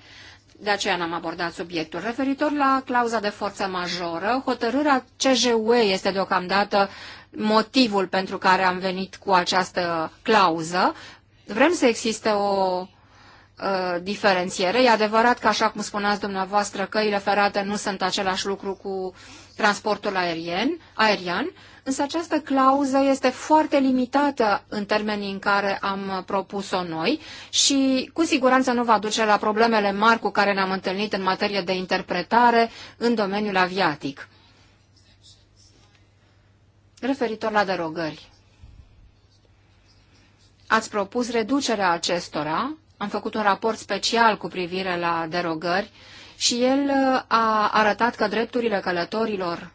S1: De aceea n-am abordat subiectul. Referitor la clauza de forță majoră, hotărârea CJUE este deocamdată motivul pentru care am venit cu această clauză. Vrem să existe o ă, diferențiere. E adevărat că, așa cum spuneați dumneavoastră, căile ferate nu sunt același lucru cu uh, transportul aerien, aerian, însă această clauză este foarte limitată în termenii în care am propus-o noi și cu siguranță nu va duce la problemele mari cu care ne-am întâlnit în materie de interpretare în domeniul aviatic. Referitor la derogări. Ați propus reducerea acestora. Am făcut un raport special cu privire la derogări și el uh, a arătat că drepturile călătorilor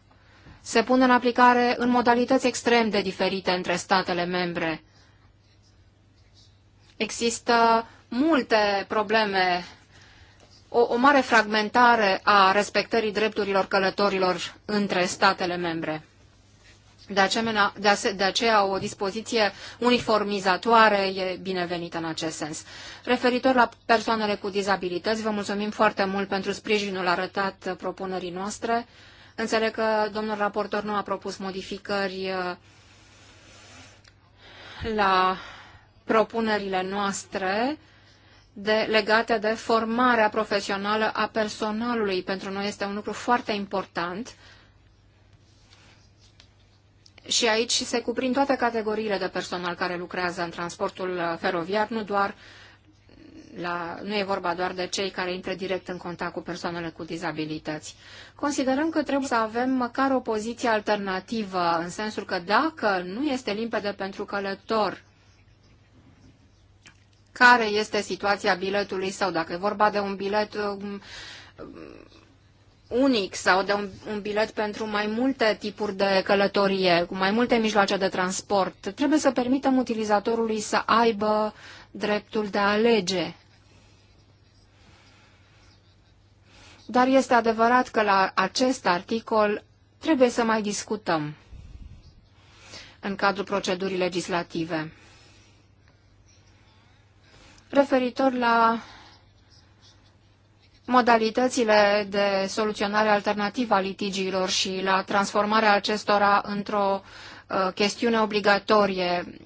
S1: se pun în aplicare în modalități extrem de diferite între statele membre. Există multe probleme, o, o mare fragmentare a respectării drepturilor călătorilor între statele membre. De, asemenea, de, ase, de aceea o dispoziție uniformizatoare e binevenită în acest sens. Referitor la persoanele cu dizabilități, vă mulțumim foarte mult pentru sprijinul arătat propunerii noastre. Înțeleg că domnul raportor nu a propus modificări uh, la propunerile noastre de, legate de formarea profesională a personalului. Pentru noi este un lucru foarte important și aici se cuprind toate categoriile de personal care lucrează în transportul uh, feroviar, nu doar la, nu e vorba doar de cei care intră direct în contact cu persoanele cu dizabilități. Considerăm că trebuie să avem măcar o poziție alternativă, în sensul că dacă nu este limpede pentru călător care este situația biletului sau dacă e vorba de un bilet um, unic sau de un, un bilet pentru mai multe tipuri de călătorie, cu mai multe mijloace de transport. Trebuie să permitem utilizatorului să aibă dreptul de a alege. Dar este adevărat că la acest articol trebuie să mai discutăm în cadrul procedurii legislative. Referitor la modalitățile de soluționare alternativă a litigiilor și la transformarea acestora într-o uh, chestiune obligatorie.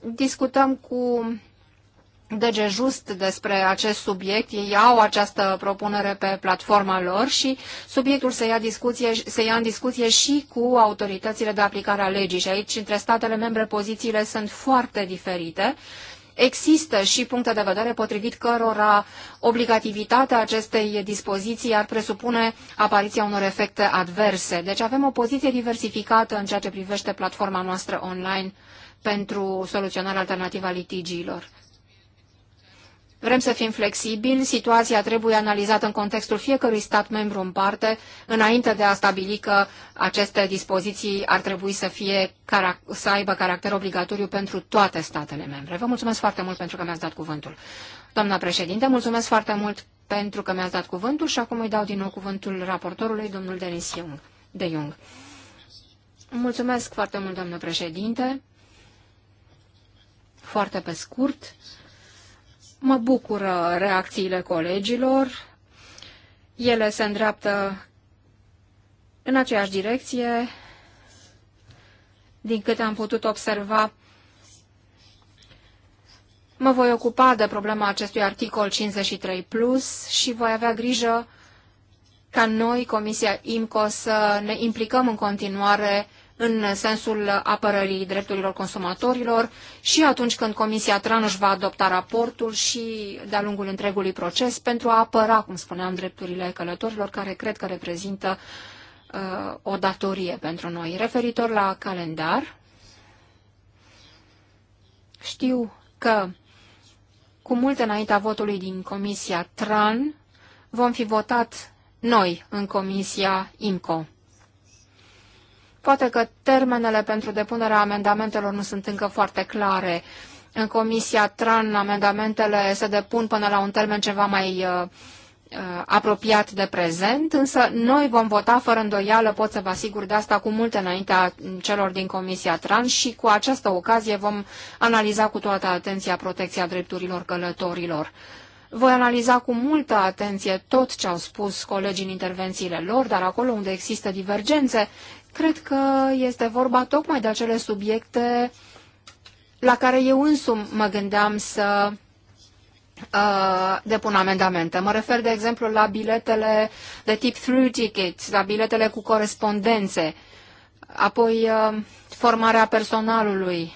S1: Discutăm cu DG Just despre acest subiect. Ei au această propunere pe platforma lor și subiectul se ia, discuție, se ia în discuție și cu autoritățile de aplicare a legii. Și aici, între statele membre, pozițiile sunt foarte diferite. Uh, există și puncte de vedere potrivit cărora obligativitatea acestei dispoziții ar presupune apariția unor efecte adverse. Deci avem o poziție diversificată în ceea ce privește platforma noastră online pentru soluționarea alternativă a litigiilor. Vrem să fim flexibili, situația trebuie analizată în contextul fiecărui stat membru în parte, înainte de a stabili că aceste dispoziții ar trebui să, fie, să aibă caracter obligatoriu pentru toate statele membre. Vă mulțumesc foarte mult pentru că mi-ați dat cuvântul. Doamna președinte, mulțumesc foarte mult pentru că mi-ați dat cuvântul și acum îi dau din nou cuvântul raportorului, domnul Denis Jung, de Jung. Mulțumesc foarte mult, doamnă președinte. Foarte pe scurt, Mă bucură reacțiile colegilor. Ele se îndreaptă în aceeași direcție. Din câte am putut observa, mă voi ocupa de problema acestui articol 53+, plus și voi avea grijă ca noi, Comisia IMCO, să ne implicăm în continuare în sensul apărării drepturilor consumatorilor și atunci când Comisia Tran își va adopta raportul și de-a lungul întregului proces pentru a apăra, cum spuneam, drepturile călătorilor, care cred că reprezintă uh, o datorie pentru noi. Referitor la calendar, știu că cu mult înaintea votului din Comisia TRAN vom fi votat noi în Comisia IMCO. Poate că termenele pentru depunerea amendamentelor nu sunt încă foarte clare. În Comisia TRAN amendamentele se depun până la un termen ceva mai uh, uh, apropiat de prezent, însă noi vom vota fără îndoială, pot să vă asigur de asta, cu multe înaintea celor din Comisia Trans și cu această ocazie vom analiza cu toată atenția protecția drepturilor călătorilor. Voi analiza cu multă atenție tot ce au spus colegii în intervențiile lor, dar acolo unde există divergențe, Cred că este vorba tocmai de acele subiecte la care eu însum mă gândeam să uh, depun amendamente. Mă refer, de exemplu, la biletele de tip through ticket, la biletele cu corespondențe, apoi uh, formarea personalului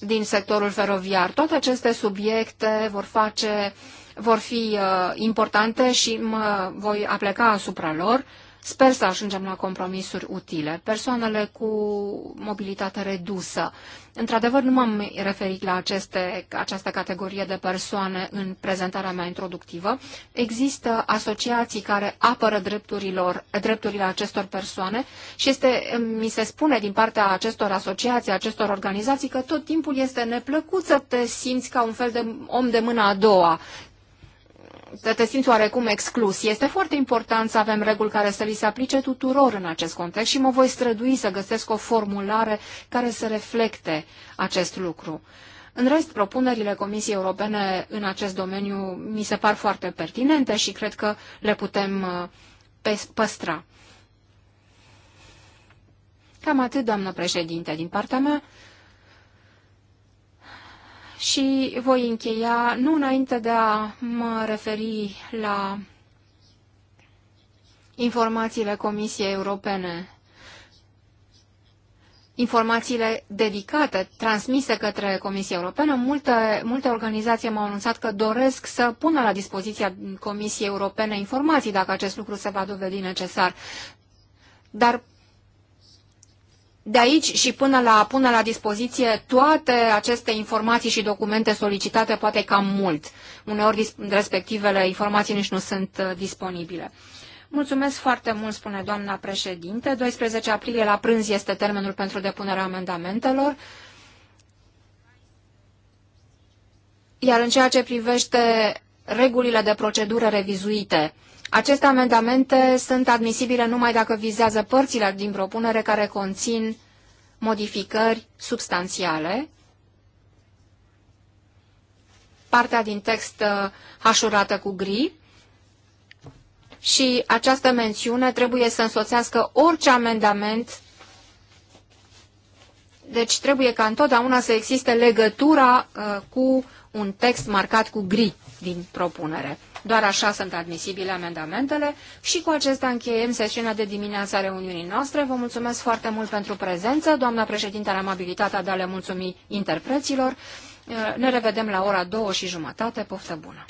S1: din sectorul feroviar. Toate aceste subiecte vor face uh, vor fi uh, importante și mă voi apleca asupra lor. Sper să ajungem la compromisuri utile. Persoanele cu mobilitate redusă. Într-adevăr, nu m-am referit la aceste, această categorie de persoane în prezentarea mea introductivă. Există asociații care apără drepturilor, drepturile acestor persoane și este, mi se spune din partea acestor asociații, acestor organizații, că tot timpul este neplăcut să te simți ca un fel de om de mâna a doua, te simți oarecum exclus. Este foarte important să avem reguli care să li se aplice tuturor în acest context și mă voi strădui să găsesc o formulare care să reflecte acest lucru. În rest, propunerile Comisiei Europene în acest domeniu mi se par foarte pertinente și cred că le putem uh, păstra. Cam atât, doamnă președinte, din partea mea și voi încheia nu înainte de a mă referi la informațiile Comisiei Europene, informațiile dedicate, transmise către Comisia Europeană. Multe, multe organizații m-au anunțat că doresc să pună la dispoziția Comisiei Europene informații dacă acest lucru se va dovedi necesar. Dar de aici și până la pune la dispoziție toate aceste informații și documente solicitate poate cam mult. Uneori respectivele informații nici nu sunt uh, disponibile. Mulțumesc foarte mult, spune doamna președinte. 12 aprilie la prânz este termenul pentru depunerea amendamentelor. Iar în ceea ce privește regulile de procedură revizuite, aceste amendamente sunt admisibile numai dacă vizează părțile din propunere care conțin modificări substanțiale. Partea din text uh, hașurată cu gri și această mențiune trebuie să însoțească orice amendament deci trebuie ca întotdeauna să existe legătura uh, cu un text marcat cu gri din propunere. Doar așa sunt admisibile amendamentele și cu acestea încheiem sesiunea de dimineață a reuniunii noastre. Vă mulțumesc foarte mult pentru prezență. Doamna președinte, amabilitatea de a le mulțumi interpreților. Ne revedem la ora două și jumătate. Poftă bună!